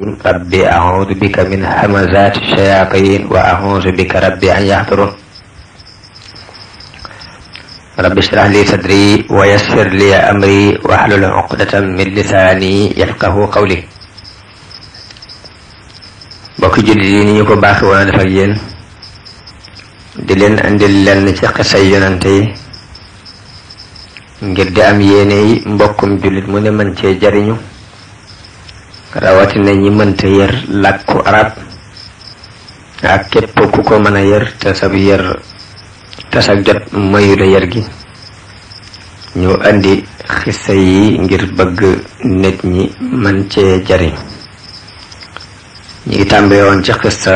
rabbi a'uudu bika min hamazaati shayaatiin wa a'uudu bika rabbi an yahduruun rabbi shrah li sadri wa yassir li amri wahlul uqdatan min lisaani yafqahu qawli mbokki jullit yi ni ñu ko baaxi woon a def ak yéen di leen andil lenn ci xisay yonante yi ngir di am yéene yi mbokkum jullit mu ne mën cee jariñu rawatina ñi mënta yër làkku arab ak képp ku ko mën a yër te sab sa jot mayu la yër gi ñu indi xissa yi ngir bëgg nit ñi mën cee jariñ ñu ngi tàmbee woon ci xissa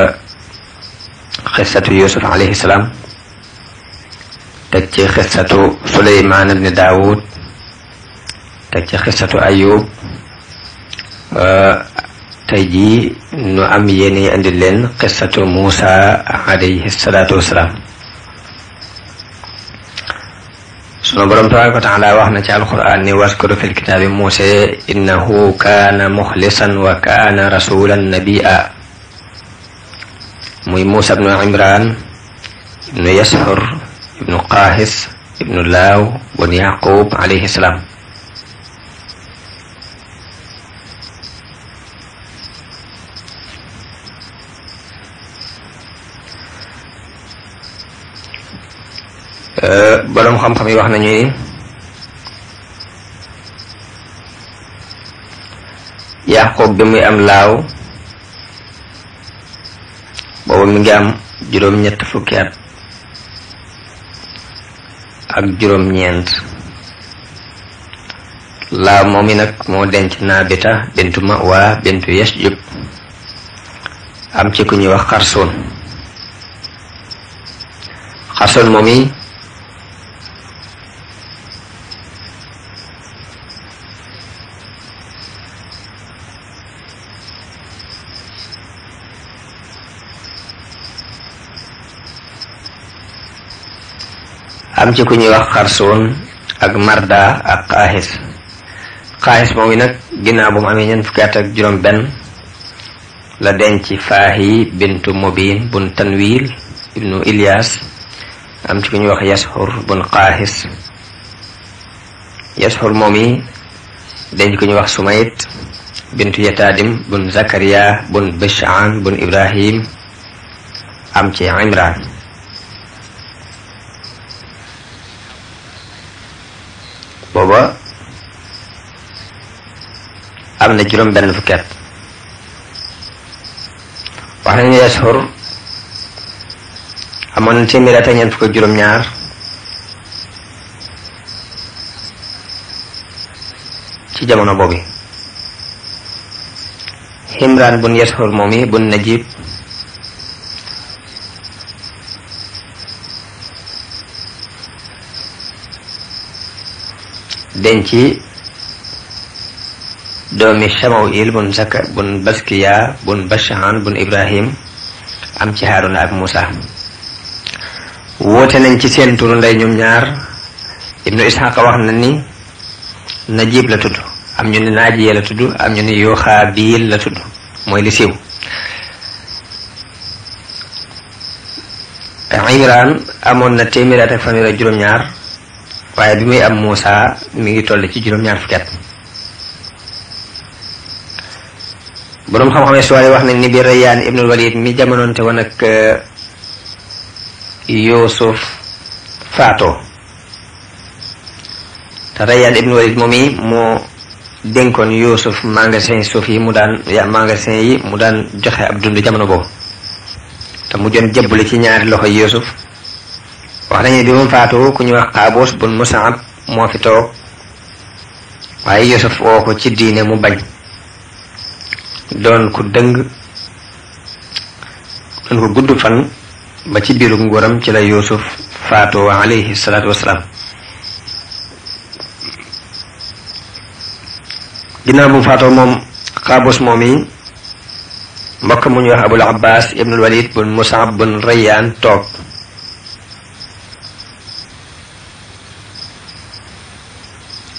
xissatu yusuf alayhi salaam teg ci xissatu suleymaan ibni daawud teg ci xissatu ayub ba euh, tey jii nu am yéeni andi leen qissatu Muusa alayhi salaatu wassalaam sunu borom tabaraka wa taala wax na ci alquran ni waskuru fil kitaabi Muusa innahu kaana muxlisan wa kaana rasulan nabia muy Muusa ibnu Imran ibnu Yashur ibnu Qaahis ibnu Laaw Yaqub alayhi salaam Euh, boroom xam-xam yi wax nañu ni Yaqub bi muy am laaw boobu mi ngi am juróom ñett fukki at ak juróom ñeent laaw moom mi nag moo denc naabita bintu ma waa bintu yasjub am ci ku ñuy wax xarsoon xarsoon moom yi am ci ku ñuy wax xarsoon ak marda ak xaaxis xaaxis moom yi nag ginnaaw bu mu amee ñeent fukki at juróom benn la denc faahi bintu mubin bun tanwil ibnu ilyas am ci ku ñuy wax yashur bun xaaxis yashur moom yi denc ku ñuy wax sumayit bintu yataadim bun zakariya bun bishaan bun ibrahim am ci imran booba am na juróom benn fukki at wax nañu yashur amoon na téeméer ñeent fukk juróom ñaar ci jamono boobu Himran bun yashur moom yi bun najib denc doomi Shamawil bun Zaka bun Baskiya bun Bashaan bun Ibrahim am ci Haaruna ak Muusa woote nañ ci seen turu ndey ñoom ñaar ibnu Isxaaq wax na ni Najib la tudd am ñu ni Naajiya la tudd am ñu ni Yuxaabiil la tudd mooy li siiw Imraan amoon na téeméer ak juróom-ñaar waaye bi muy am Moussa mi ngi toll ci juróom-ñaar fukki at boroom xam-xam histoire wax nañ ni bi Rayyan ibnul Walid mi jamonoonte woon ak uh, Yuusuf faato te Rayyan ibnul Walid moom yi moo dénkoon Yuusuf magasin suuf yi mu daan ya magasin yi mu daan joxe ab dund jamono boobu te mu joon jëbbale ci ñaari loxo Yuusuf wax nañu bi mu faatu ku ñu wax Qaabus bun Musaab moo fi toog waaye Yusuf woo ko ci diine mu bañ doon ku dëng doon ko gudd fan ba ci biiru nguuram ci la Yusuf faatu wa salaatu wasalaam ginnaaw bu mu faatoo moom Qaabus moom yi mbokk mu ñu wax Abul Abbas ibnul Walid bun Musaab bun Rayyan toog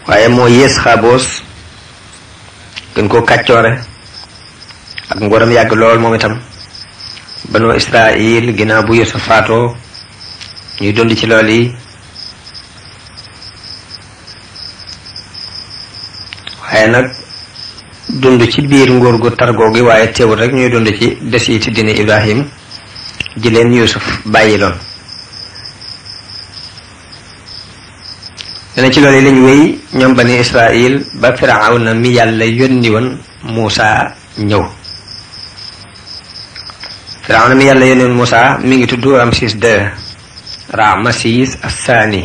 waaye moo yées xaaboos gën koo kàccoore ak ngoram yàgg lool moom itam banu israil ginaaw bu Yuusuf faato ñuy dund ci lool yi waaye nag dund ci biir nguur gu targoo gi waaye teewul rek ñuy dund ci des yi ti dina Ibrahim ji leen Yuusuf bàyyi lool dana ci loolu lañ wéy ñoom bani Israil ba Firawna mi yàlla yónni woon Muusa ñëw Firawna mi yàlla yónni Muusa mi ngi tudd Ramsis II Ramsis Assaani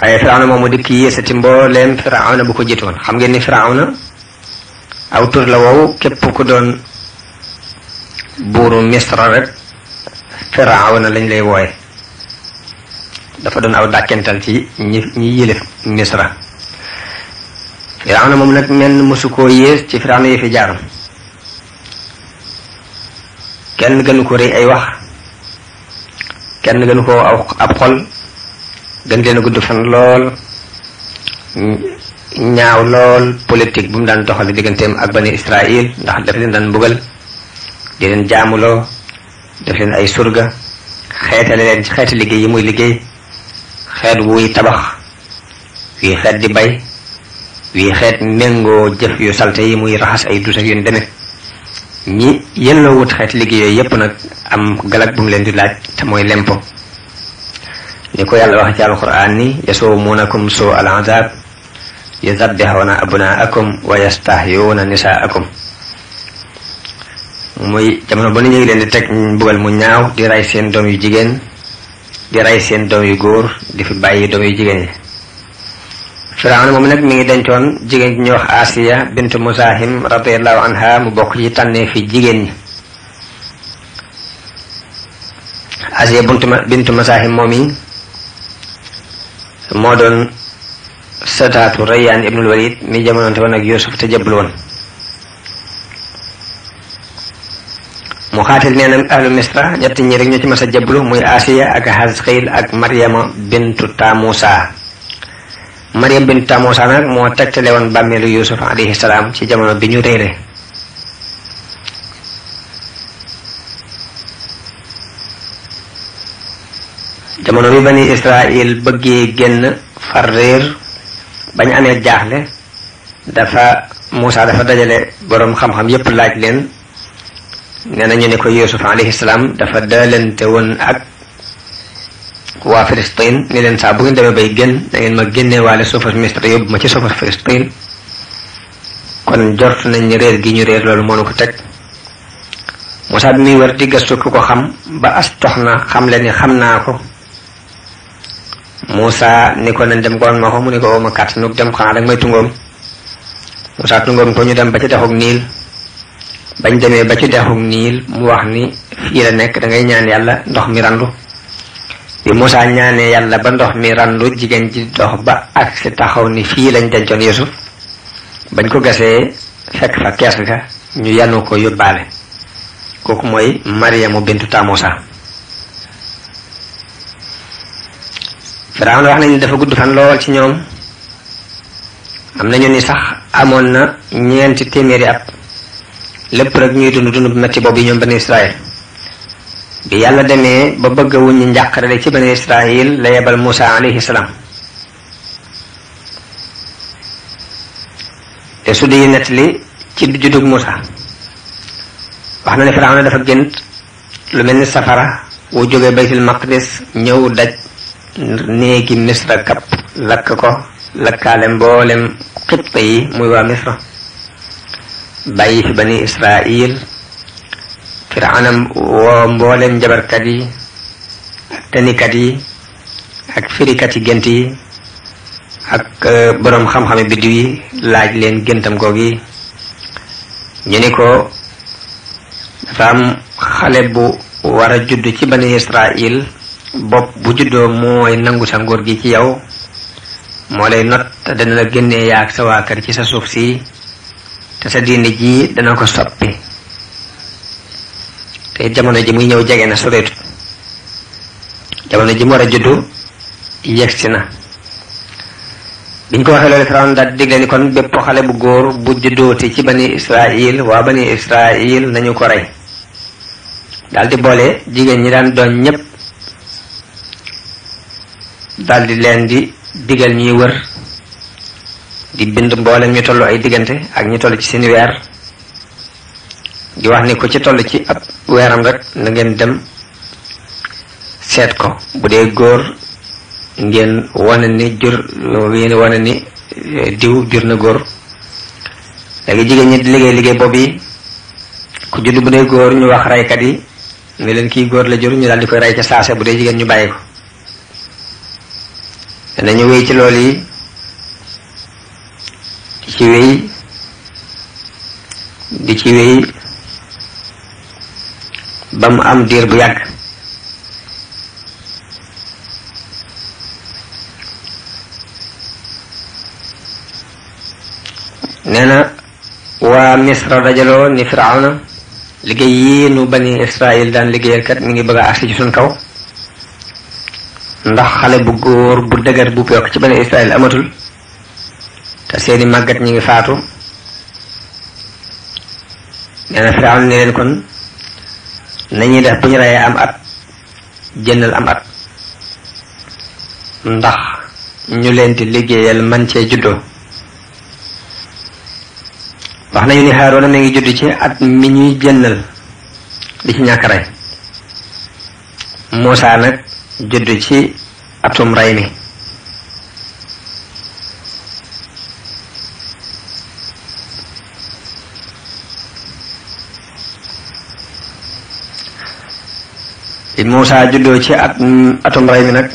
waaye Firawna moomu dikk yéesati mbooleem Firawna bu ko jitoon xam ngeen ni Firawna aw tur la wow képp ku doon buuru Misra rek Firawna lañ lay wooye dafa doon aw dàkkental ci ñi ñi yilif misra firawna moom nag menn mosu koo yées ci firawna yi fi jaaroon kenn gënu ko rëy ay wax kenn gënu ko aw ab xol gën leen a gudd fan lool ñaaw lool politique bu mu daan doxal digganteem ak bani Israël ndax daf leen daan mbugal di leen jaamuloo daf leen ay surga xeetale leen ci xeeti liggéey yi muy liggéey xeet wuy tabax wii xeet di bay wii xeet méngoo jëf yu salte yi muy raxas ay dus ak yu demee ñi yelloo wut xeet liggéey yépp nag am galak bu mu leen di laaj te mooy lempo ni ko yàlla wax ci alquran ni yasumuunakum suu al azab yuzabbihuna abnaakum wa yastahyuuna nisaakum muy jamono ba nu ñu leen di teg mbugal mu ñaaw di rey seen doom yu jigéen di rey seen doom yu góor di fi bàyyi doom yu jigéen yi firawna moom nag mi ngi dencoon jigéen ji ñuy wax asiya bint musahim radiallahu anha mu bokk ci tànnee fi jigéen ñi asiya buntu bintu musahim moom yi moo doon sataatu rayaan ibnul walid mi jamonoonte woon ak yusuf te jëbbal woon mu xaatil nee na ahlu misra ñett ñi rek mas a jablu muy asiya ak hasqil ak mariama bintu tamusa mariam bintu tamusa nag moo tegtale woon bàmmeelu yusuf alayhi salaam ci jamono bi ñu réere jamono bi bani israil bëggee génn far réer bañ amee jaaxle dafa Muusa dafa dajale boroom xam-xam yépp laaj leen nee nañu ne ko yusuf alayhi salaam dafa daalante woon ak waa Filistin ni leen sax bu ngeen demee bay génn da ngeen ma génnee waale suufas Misra yóbbu ma ci suufas Filistin kon jort nañ ni réer gi ñu réer loolu moo nu ko teg Musaa bi muy wër di gëstu ko xam ba as tox na xam le ni xam naa ko Musaa ni ko nañ dem goon ma ko mu ne ko ma kàtt nu dem xanaa rek may tungoom Musaa tungoom ko ñu dem ba ci taxug niil bañ demee ba ci dexum niil mu wax ni fii la nekk dangay ñaan yàlla ndox mi randu bi Moussa ñaanee yàlla ba ndox mi randu jigéen ji dox ba ak si taxaw ni fii lañ dencoon Yusuf bañ ko gasee fekk fa kees ga ñu yanu ko yóbbaale kooku mooy Mariamu bintu Tamusa Firawna wax nañu dafa gudd fan lool ci ñoom am nañu ni sax amoon na ñeenti téeméeri at lépp rek ñuy dund dund bu metti boobu ñoom bani Israël bi yàlla demee ba bëgg a wuññi njàqare ci bani Israël la yebal Moussa alayhi salaam te su dee li ci juddug Moussa wax na ne Firawna dafa gént lu mel ni safara wu jógee baytul maqdis ñëw daj néegi misra kap lakk ko lakkaale mboolem xibta yi muy waa misra bàyyi fi bani israil firaanam woo mboolem njabarkat yi ak tenikat yi ak firikat yi gént yi ak e, boroom xam-xame biddiw yi laaj leen géntam googi ñu ni ko dafa am xale bu war a judd ci bani israil bopp bu juddoo mooy nangu sa nguur gi ci yow moo lay not dana la génnee yaag sa waa kër ci sa suuf si te sa diine jii dana ko soppi te jamono ji muy ñëw jege na soreetu jamono ji mu war a juddu yegsi na biñ ko waxee loolu Firawna digle ni kon bépp xale bu góor bu juddooti ci bani Israil waa bani Israil nañu ko rey daal boole jigéen ñi daan doon ñépp daal leen di digal ñuy wër di bind mboolem ñu toll ay diggante ak ñu toll ci seen weer di wax ni ku ci toll ci ab weeram rek na ngeen dem seet ko bu dee góor ngeen wane ni jur ngeen wane ni eh, diw jur na góor léegi jigéen ñi di liggéey liggéey boobu yi ku judd bu dee góor ñu wax raykat yi ne leen kii góor la jur ñu daal di koy ray ca saase bu dee jigéen ñu bàyyi ko danañu wéy ci loolu yi ci wéy di ci wéy ba mu am diir bu yàgg nee na waa misra dajaloo ni firawna liggéey yii nu bani israil daan liggéeyal kat mi ngi bëgg a agsi kaw ndax xale bu góor bu dëgër bu yokk ci bani israil amatul seeni màgget ñi ngi faatu nee na Firawna leen kon nañuy def bu ñu reyee am at jëndal am at ndax ñu leen di liggéeyal man cee juddoo wax nañu ni Haaroona mi ngi judd ci at mi ñuy jëndal di ci ñàkk rey Muusaa nag judd ci atum rey mi bi Moussa juddoo ci at atum rey mi nag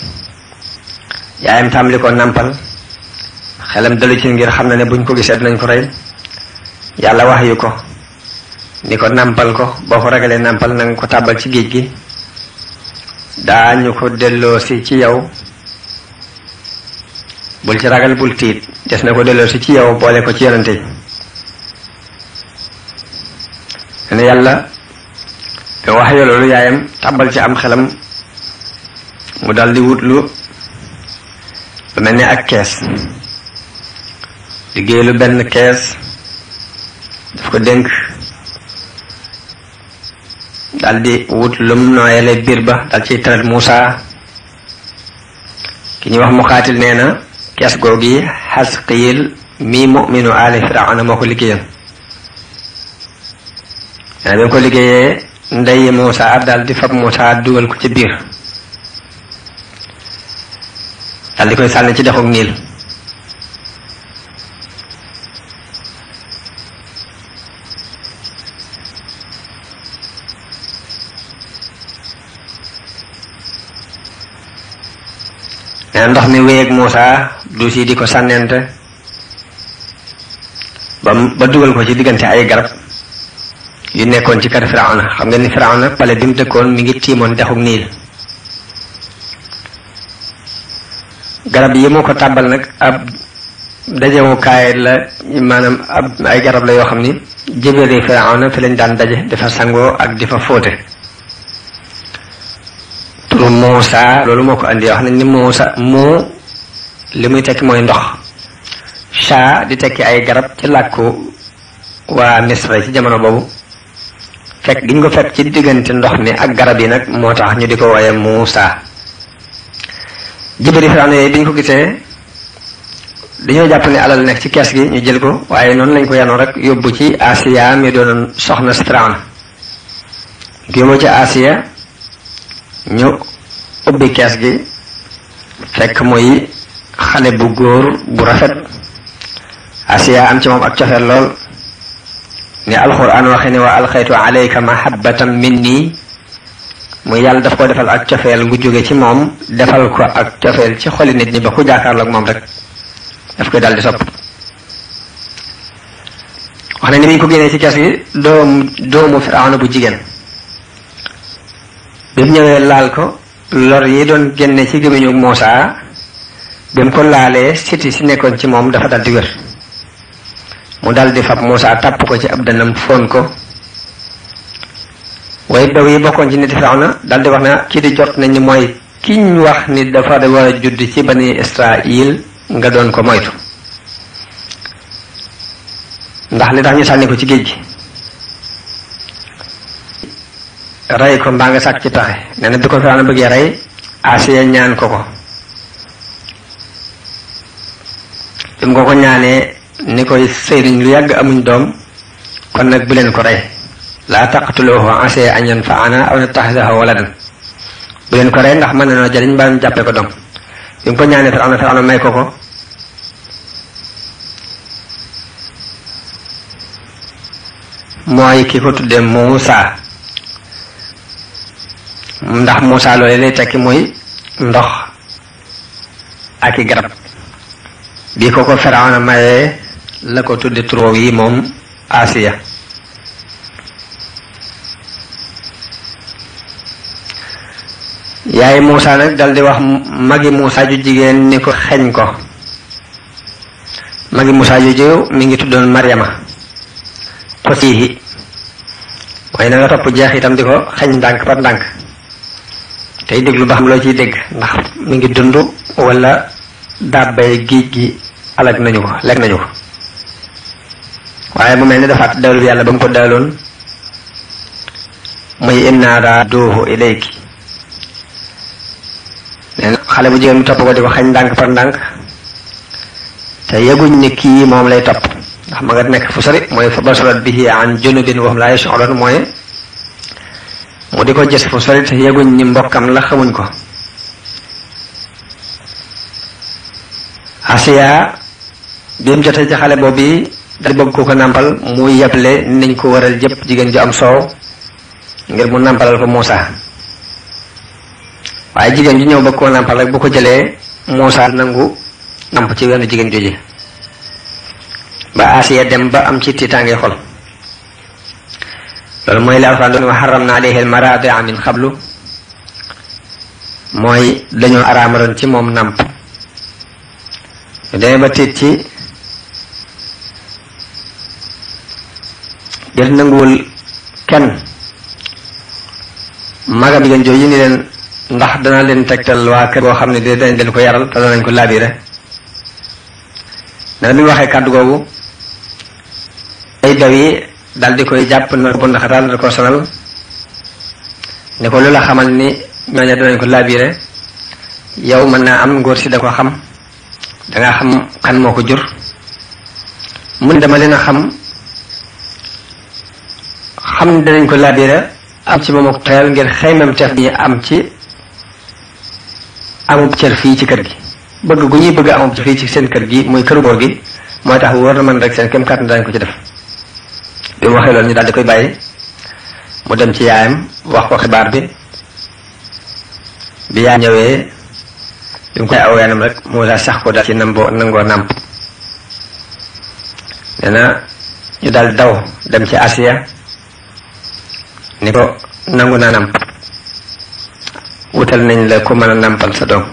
yaayam tàmbali ko nàmpal xelam dalu ci ngir xam na ne buñ ko gisee dinañ ko rey yàlla wax yu ko ni ko nàmpal ko boo ko ragalee nàmpal na ko tàbbal ci géej gi daañu ko delloosi ci yow bul ci ragal bul tiit des na ko delloosi ci yow boole ko ci yonante yi ne yàlla te wax yo loolu yaayam tàbbal ci am xelam mu daldi wut lu mel ni ak kees liggéey lu benn kees daf ko dénk daldi di wut lum nooyale biir ba dal ciy tarat Moussa ki ñuy wax mu xaatil nee na kees googu yi mii mu'minu aali Firawna moo ko liggéeyal nee na bi ko liggéeyee ndey Moussa daal di fab Moussa dugal ko ci biir daal di koy sànni ci dexu niil ndox mi wéyeeg Moussa duus yi di ko sànnente ba ba dugal ko ci diggante ay garab yi nekkoon ci kër Firawna xam nga ni Firawna pale bi mu dëkkoon mi ngi tiimoon dexu niil garab yi mu ko tàbbal nag ab dajewukaay la maanaam ab ay garab la yoo xam ni jébéeri na fi lañ daan daje dafa sangoo ak di fa fóote turu Muusa loolu moo ko andi wax nañ ni Muusa moo li muy tekki mooy ndox saa di tekki ay garab ci làkku waa Misra ci jamono boobu fekk gi ñu ko fekk ci diggante ndox mi ak garab yi nag moo tax ñu di ko wooye Muusa jibari firawna yooyu bi ñu ko gisee dañoo jàpp ne alal nekk ci kees gi ñu jël ko waaye noonu lañ ko yanoo rek yóbbu ci Asiya mi doon soxna si firawna yóbbu ci Asiya ñu ubbi kees gi fekk muy xale bu góor bu rafet Asiya am ci moom ak cofeel lool ni alxuraan waxe ne waa alxaytu alayka mahabbatan minni mu yàlla daf ko defal ak cofeel gu jóge ci moom defal ko ak cofeel ci xoli nit ñi ba ku jàkkaarloo ak moom rek daf koy daal di sopp wax ne ni mu ko génnee ci kees gi doomu doomu firawna bu jigéen bi ñëwee laal ko lor yi doon génne ci gémmiñu Muusaa bi mu ko laalee siti si nekkoon ci moom dafa dal di wér mu dal di fab Muusa tàpp ko ci ab danam foon ko waaye daw yi bokkoon ci nit Firawna dal di wax ne kii di jot nañu mooy kiñ wax ni dafa war a judd ci bani Israil nga doon ko moytu ndax li tax ñu sànni ko ci géej gi rey ko mbaa nga sàkk ci taxe nee na bi ko Firawna bëggee rey Asiya ñaan ko ko bi mu ko ko ñaanee ni koy sëy nañ lu yàgg amuñ doom kon nag bu leen ko rey laa taqtuluhu asaa an yanfa'ana aw nattaxizahu waladan bu leen ko rey ndax mën na noo jariñ mbaa ñu jàppee ko doom bi mu ko ñaanee Firawna Firawna may ko ko mooy ki ko tuddee Muusa ndax Muusa loolu lay tekki mooy ndox ak i garab bi ko ko mayee la ko tudde turoo yi moom Asiya yaay Muusa nag dal wax magi Muusa ju jigéen ni ko xeeñ ko magi Muusa ju jiw mi ngi tuddoon Maryama ko siihi mooy na nga topp jeex itam di ko xeeñ ndànk par ndànk tey déglu ba xam loo ciy dégg ndax mi ngi dund wala dàbbay géej gi alag nañu ko lekk nañu ko waaye mu mel ni dafa at bi yàlla ba mu ko dawloon muy inna raaduhu ilayki nee na xale bu jigéen mu topp ko di ko xañ ndànk par ndànk te yëguñ ni kii moom lay topp ndax ma nga nekk fu sori mooy fa basarat bihi an junubin wa hum laa yash'uruun mooy mu di ko gis fu sori te yëguñ ni mbokkam la xamuñ ko asiya bi jotee ci xale boobu dal bëgg ko ko nàmpal mu yeble nañ ko waral jëpp jigéen ju am soow ngir mu nàmpalal ko Muusa waaye jigéen ju ñëw bëgg koo nàmpal rek bu ko jëlee Muusa nangu namp ci wenn jigéen jooju ba Asiya dem ba am ci tiitaange xol loolu mooy la alxuraan wa xaramna alayhi almaradia min qablu mooy dañoo araamaloon ci moom namp demee ba tiit ci yàlla nanguwul kenn magam yéen jooju ni leen ndax danaa leen tegtal waa kër goo xam ne danañ leen ko yaral te danañ ko laabire dana bi kàddu googu ay daw yi di koy jàpp na bu ndaxataal da ko sonal ne xamal ni ñooña danañ ko laabire yow mën naa am ngóor si da ko xam danga xam kan moo ko jur mun dama leen a xam xam ne danañ ko laabira am ci moom ak toyal ngir xaymam teef bi am ci amub cër fii ci kër gi bëgg gu ñuy bëgg amub cër fii ci seen kër gi muy këru góor gi mooy tax war na mën rek seen kem kàttan danañ ko ci def bi mu waxee loolu ñu daal di koy bàyyi mu dem ci yaayam wax ko xibaar bi bi yaa ñëwee bi mu ko aw rek mu daal sax ko daal ci namboo nangoo nàmp nee na ñu daal daw dem ci Asia ni ko nangu naa namp wutal nañ la ko mën a nampal sa doom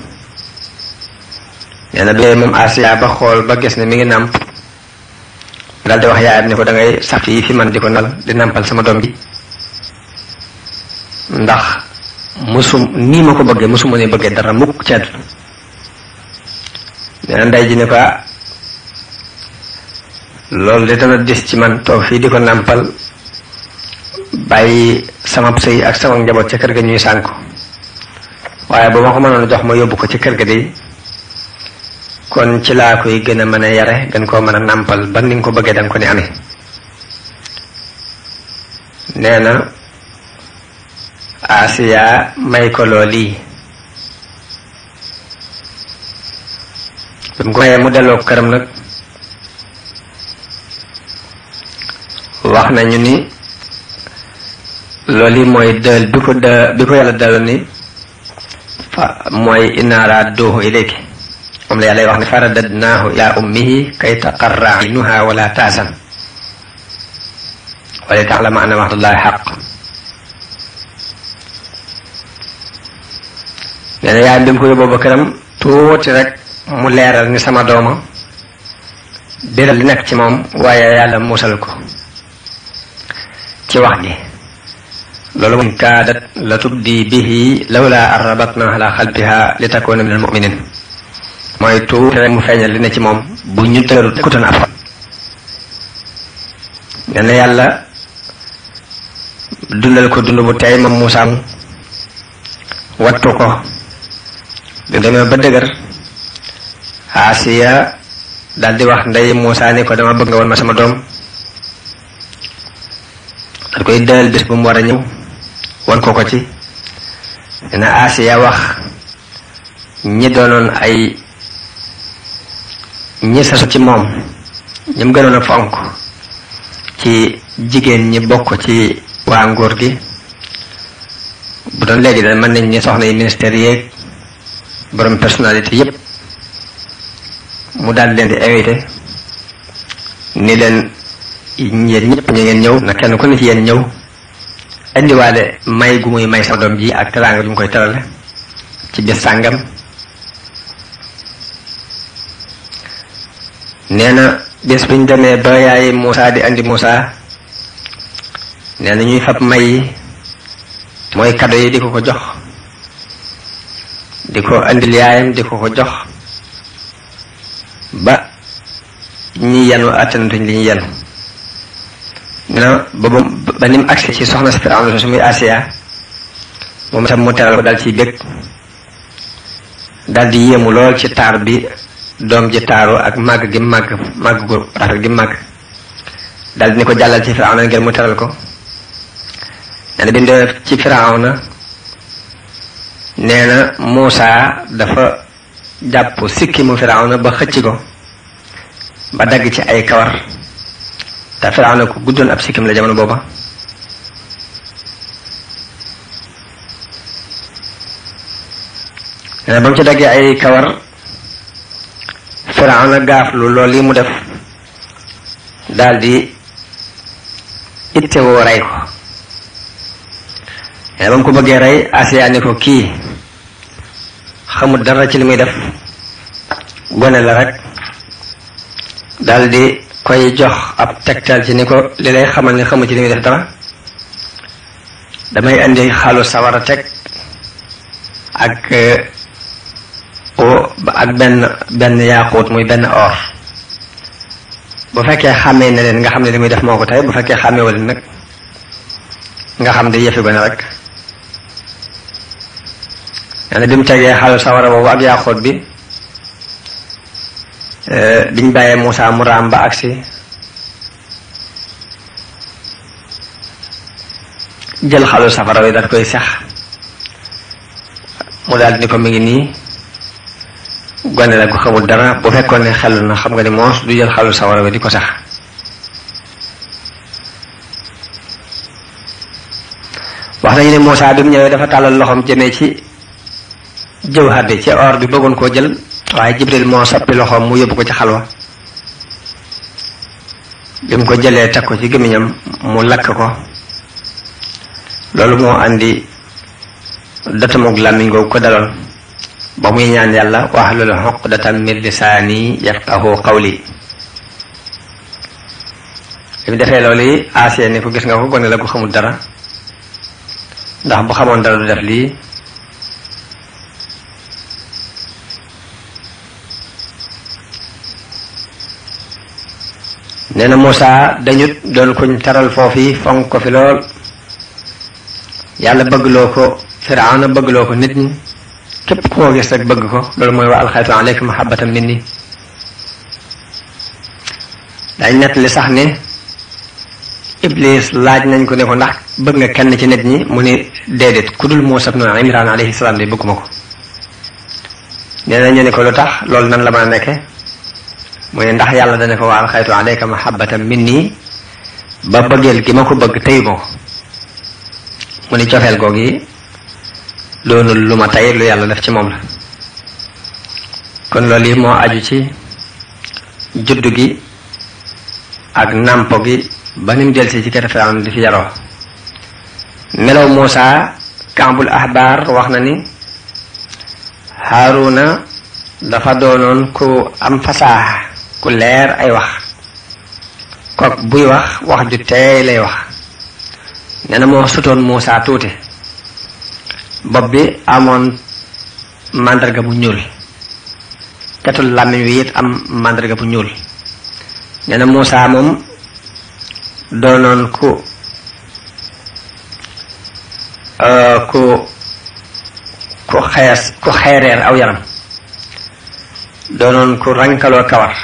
nee bi moom Asiya ba xool ba gis ne mi ngi nàmp daal di wax yaayam ni ko da ngay sax yi fi man di ko nal di nampal sama doom bi ndax musum nii ma ko bëggee mësuma ne bëggee dara mukk ci àdduna nee na ji ni ko ah, loolu de dana dis ci man toog fii di ko nampal bàyyi sama sëy ak sama njaboot ca kër ga ñuy sànku waaye ba ma ko mënoon jox ma yóbbu ko ci kër ga de kon ci laa koy gën a mën a yare gën koo mën a nàmpal ba ni nga ko bëggee da ko ni amee nee na Asiya may ko loo lii bi mu ko mayee mu delloo këram nag wax nañu ni loolu yi mooy dël bi ko da bi ko yàlla daloon ni fa mooy inaaraa doohu ilayki moom la yàlla wax ne faradadnaahu ilaa ummihi kay taqarra aynuha wala taasan wala taxlama anna waxdallahi xaq nee na yaayam bi mu ko yóbboo ba këram tuuti rek mu leeral ni sama dooma biral li nekk ci moom waaye yàlla musal ko ci wax ji loolu mooy kaadat la tubdi bihi lawla an rabatna ala xalbiha li takuna min al muminin mooy tuut rek mu feeñal li ci moom bu ñu tëru tekkutoon ab xol nee na yàlla dundal ko dund bu tey moom Muusaa wattu ko bi demee ba dëgër Asiya daal di wax ndey Muusaa ni ko dama bëgg nga woon ma sama doom da koy dël bis bu mu war a ñëw wan ko ko ci na Asiya wax ñi doonoon ay ñi sasu ci moom ñoom gënoon a fonk ci jigéen ñi bokk ci waa nguur gi bu doon léegi da man nañ ñi soxna yi ministère yeeg borom personnalité yépp mu daal leen di invité ni leen yéen ñëpp ñu ngeen ñëw na kenn ko ne ci yenn ñëw indiwaale may gu muy may sa doom ji ak teraanga ju koy terale ci bés sàngam nee na bés bu ñu demee ba yaay Moussa di andi Moussa nee ñuy fab may yi mooy kado yi di ko ko jox di ko andil yaayam di ko ko jox ba ñi yenu attanatuñ li ñu yenu na ba ba ni mu agsi ci soxna si Firawna su muy Asiya moom mu teral ko dal ci bëgg dal di yéemu lool ci taar bi doom ji taaru ak màgg gi màgg màgg gu rafet gi màgg dal di ni ko jàllal ci Firawna ngeen mu teral ko nee na bind ci Firawna nee na Muusa dafa jàpp sikki mu Firawna ba xëcc ko ba dagg ci ay kawar te Firawna ku guddoon ab sikkim la jamono booba nee ba ci daggee ay kawar Firawna gaaflu loolu li mu def daal di itte woo rey ko nee ba mu ko bëggee rey Asiya ko kii xamul dara ci li muy def gone la rek daal koy jox ab tegtal ci ni ko li lay xamal ne xamu ci li muy def dara damay indi xalu sawara teg ak euh, o benn benn yaaquut muy benn or bu fekkee xàmmee na leen nga xam ne li muy def moo ko tey bu fekkee xàmmee wala nag nga xam di yëfi gone rek nee na bi mu tegee xalu sawara boobu ak yaaquut bi Eh, biñ bàyyee Moussa mu raam ba agsi jël xalu safara wi daal koy sax mu daal di ko mi ngi nii gone la ko xamul dara bu fekkoon ne xelu na xam nga ni moos du jël xalu safara wi di ko sax wax nañu ne Moussa bi mu ñëwee dafa tàllal loxoom jëmee ci jëw xaddi ci or bi bëggoon koo jël waaye jibril moo soppi loxoom mu yóbbu ko ci xalwa bi mu ko jëlee teg ko ci gémmiñam mu lakk ko loolu moo andi datamug làmmiñ googu ko daloon ba muy ñaan yàlla wahlul uqdatan min lisaani yafqahu qawli bi mu defee loolu yi aasee ni ko gis nga ko gone la ko xamul dara ndax bu xamoon dara du def lii nee na Moussa dañut doon ñu teral foofu fonk ko fi lool yàlla bëggloo ko Firawna bëggloo ko nit ñi képp koo gis rek bëgg ko loolu mooy wax wa alxaytu aleyka mahabbatan minni dañ nettali sax ni Iblis laaj nañ ko ne ko ndax bëgg nga kenn ci nit ñi mu ne déedéet ku dul Muusaa ibnu Imraan alayhi salaam de bëgguma ko nee na ñu ne ko lu tax loolu nan la mën a nekke mu ne ndax yàlla dane ko wa alxaytu alayka mahabbatan minni ba bëggeel gi ma ko bëgg tey ko mu ni cofeel googi doonul lu ma tey lu yàlla def ci moom la kon loolu yi moo aju ci juddu gi ak nàmpo gi ba nim delsi ci kër Firawna di fi yaroo melaw Muusa kambul ahbar wax na ni Haaruna dafa doonoon ku am fasaaxa ku leer ay wax kook buy wax wax ju teey lay wax nee na moo sutoon Moussa tuuti bopp bi amoon màndarga bu ñuul tetul làmmiñ wi am màndarga bu ñuul nee na Moussa moom doonoon ku euh, ku ku xees ku xeereer aw yaram doonoon ku rankaloo kawar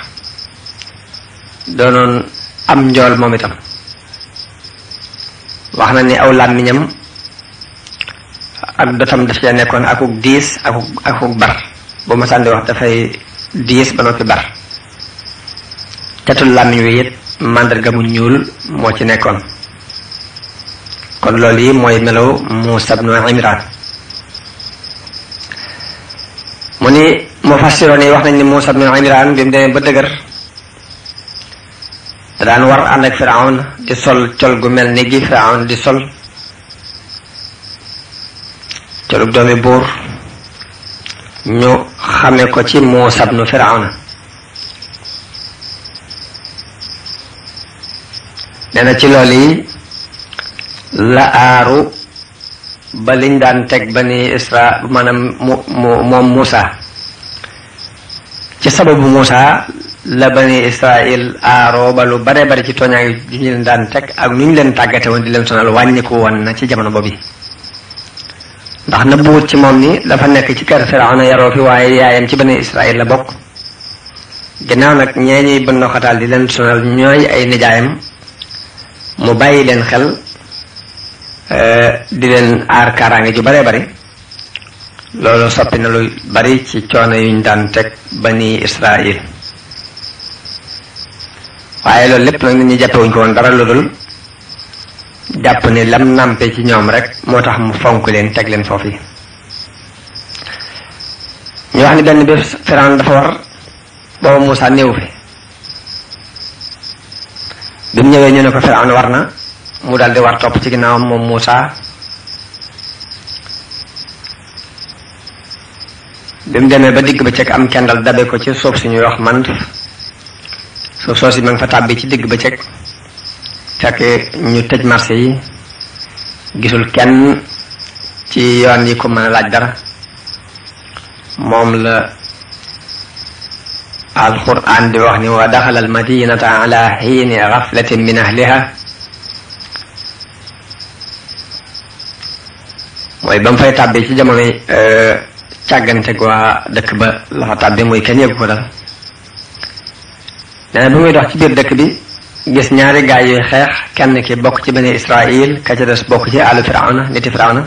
doonoon am njool moom itam wax na ni aw làmmiñam ak dotam daf nekkoon akuk diis akuk akuk bar bu ma sànni wax dafay diis ba noppi bar tetul làmmiñ wi it màndarga mu ñuul moo ci nekkoon kon loolu yi mooy melaw Muusaa ibnu Imraan mu ni mufassiroon yi wax nañ ni Muusaa ibnu Imraan bi mu demee ba dëgër te daan war ànd ak firawn di sol col gu mel ni gi firawn di sol colug doomi buur ñu xame ko ci Muusaa ibnu Firawna nee na ci loolu yi la aaru ba liñ daan teg bani Isra maanaam moom Muusaa ci sababu Muusaa la bani Israil aaroo ba lu bare bari ci tooñaange ju ñu leen daan teg ak nu ñu leen tàggate woon di leen sonal wàññiku woon na ci jamono boobu ndax na buut ci moom ni dafa nekk ci kër na yaroo fi waaye yaayam ci bani Israil la bokk ginnaaw nag ñee ñuy bënn di leen sonal ñooy ay nijaayam mu bàyyi leen xel e, di leen aar kaaraange ju bare bari loolu soppi na lu bari ci coono yuñ daan teg bani Israil waaye loolu lépp nag nit ñi jàppewuñ ko woon dara lu dul jàpp ne lam nàmpe ci ñoom rek moo tax mu fonk leen teg leen foofu yi ñu wax ni benn bés Firawna dafa war booba Muusa néew fi bi ñëwee ñu ne ko Firawna war na mu daldi war topp ci ginnaaw moom Muusa bi mu demee ba digg ba cëkk am kendal dabe ko ci suuf si ñuy wax mand suuf soosi ma nga fa tàbbi ci digg bëccëg fekk ñu tëj marché yi gisul kenn ci yoon yi ko mën a laaj dara moom la alquran di wax ni wa daxala almadinata ala xiini gaflatin min ahliha mooy ba mu fay tàbbi ci jamonoy euh, càggante waa dëkk ba la fa tàbbi muy kenn yëgu ko nee na bi muy dox ci biir dëkk bi gis ñaari gaa yuy xeex kenn ki bokk ci bani israil ka ca des bokk ci àllu firawna niti firawna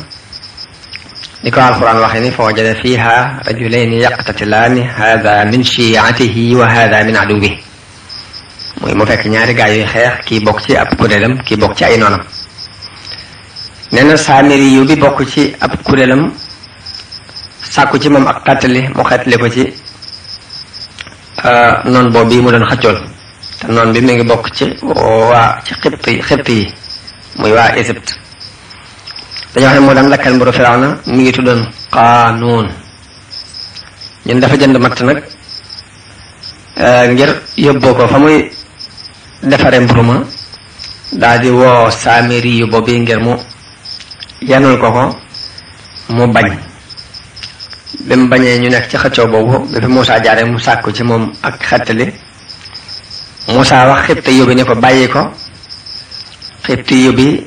ni ko alquran waxee ni fa wajada fiha rajulayni yaqtatilaani hada min shiatihi wa hada min aduwi muy mu fekk ñaari gaa yuy xeex kii bokk ci ab kuréelam kii bokk ci ay noonam nee na bi bokk ci ab kuréelam sàkku ci moom ak xettali mu xettali ko ci Euh, noon boobu bii mu doon xëccoon te noon bi mu ngi bokk ci waa ci xipt yi xipt yi muy waa Égypte dañoo xam ne moo daan lakkal mburu Firawna mi ngi tuddoon Qaanuun ñun dafa jënd matt nag euh, ngir yóbboo ko fa muy defare mburu ma daal di woo saamiri yu boobu ngir mu yanul ko ko mu bañ bi mu bañee ñu nekk ci xëccoo boobu bi fi Moussa jaaree mu sàkku ci moom ak xettali Moussa wax xibti yóbbi ne ko bàyyi ko xibti yóbbi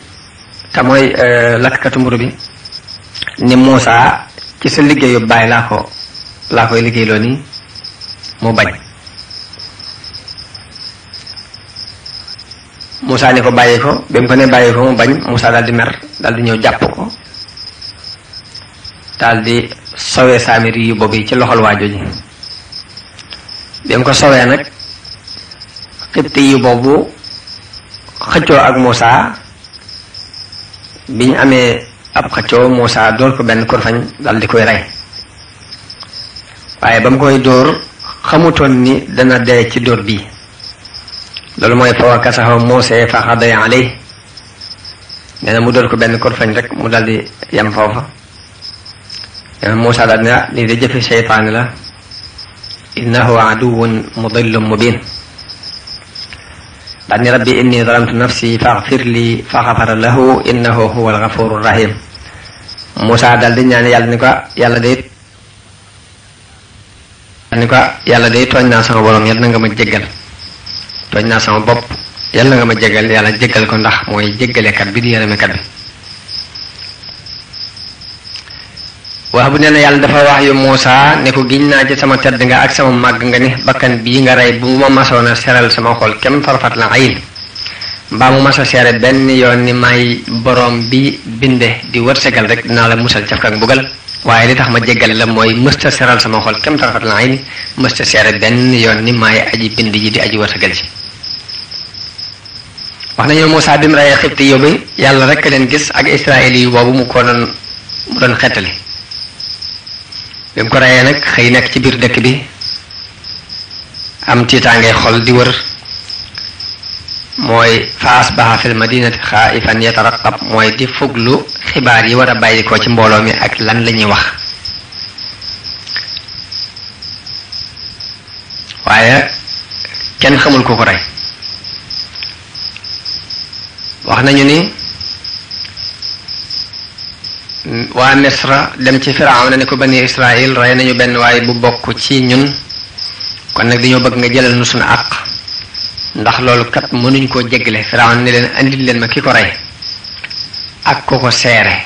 te mooy euh, lakkatu bi ni Moussa ci sa liggéeyu bàyyi laa ko laa koy liggéey loo nii mu bañ Moussa ni ko bàyyi ko bi mu ko ne bàyyi ko mu bañ Moussa daal di mer daal di ñëw jàpp ko daal di sowee saamiri yu boobu yi ci loxol waajo ji bi mu ko sowee nag xibti yi boobu xëccoo ak Moussa bi ñu amee ab xëccoo Moussa dóor ko benn kurfañ dal di koy rey waaye ba mu koy dóor xamutoon ni dana dee ci dóor bii loolu mooy fa kasaxoo Moussa fa xadaya alay nee na mu dóor ko benn kurfañ rek mu dal di yem yonent Muusa daal ne ah lii de jëfi seytaane la innahu aduwun mudillun mubin daal ne rabbi inni zalamtu nafsi faghfir li fa ghafara lahu innahu huwa alghafuru rahim Muusa daal di ñaan yàlla ni ko yàlla day ni ko yàlla day tooñ naa sama borom yàlla na nga ma jéggal tooñ naa sama bopp yàlla na nga ma jéggal yàlla jéggal ko ndax mooy jéggalekat bi di yaramekat wax bu ne na yàlla dafa wax yu Muusa ne ko giñ naa ci sama tedd nga ak sama màgg nga ni bakkan bii nga rey bu ma masoon a seral sama xol kem farfat la ayin mbaa mu mas yoon ni bi binde di wërsëgal rek dinaa la musal caf ak mbugal waaye li tax ma jéggal la mooy mësta seral sama xol kem farfat la ayin mësta seere benn yoon ni may aji bind ji di aji wërsëgal ci wax nañu Muusa bi mu reyee xibti yàlla rek leen gis ak Israël yi boobu mu ko doon xettali bi ko reyee nag xëy nekk ci biir dëkk bi am tiitaange xol di wër mooy fa asbaha fil madinati xaa'ifan yataraqab mooy di fuglu xibaar yi war a bàyyi ko ci mbooloo mi ak lan la ñuy wax waaye kenn xamul ku ko rey wax nañu ni waa misra dem ci firaawna ne ko bani israil rey nañu benn waay bu bokk ci ñun kon nag dañoo bëgg nga jëlal nu suñu àq ndax loolu kat mënuñ koo jégle firaawna ne leen andil leen ma ki ko rey ak ko ko seere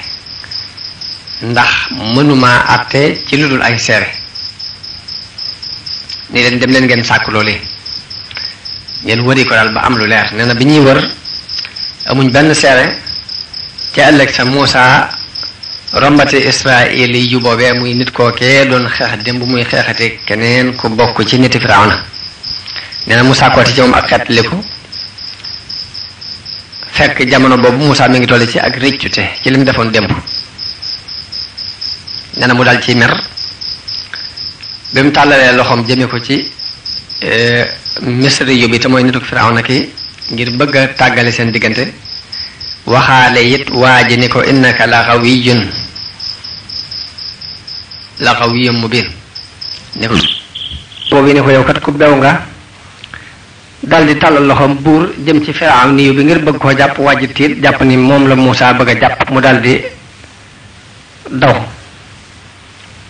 ndax mënuma àtte ci lu dul ay seere ni leen dem leen ngeen sàkk loolu ngeen wëri ko daal ba am lu leer nee na bi ñuy wër amuñ benn seere ca ëllëg sa Muusa rombati israeli yu boobee muy nit kookee doon xeex démb muy xeexati keneen ku bokk ci niti firawna nee na mu sàkkooti ci moom ak xeetliku fekk jamono boobu Moussa mi ngi toll ci ak rëccute ci li mu defoon démb nee mu dal ci mer bi mu tàllalee loxoom jëme ko ci eh, misri yu bi te mooy nitu firawna ki ngir bëgg a tàggale seen diggante waxaale it waa ji ni ko innaka la xawiyun la qawiyun mubin hmm. ne ko boobu ko yow kat ku bew nga dal di tàllal loxoom buur jëm ci firaam niyu bi ngir bëgg ko jàpp wàjji tiit jàpp ni moom la Muusaa bëgg a jàpp mu dal di daw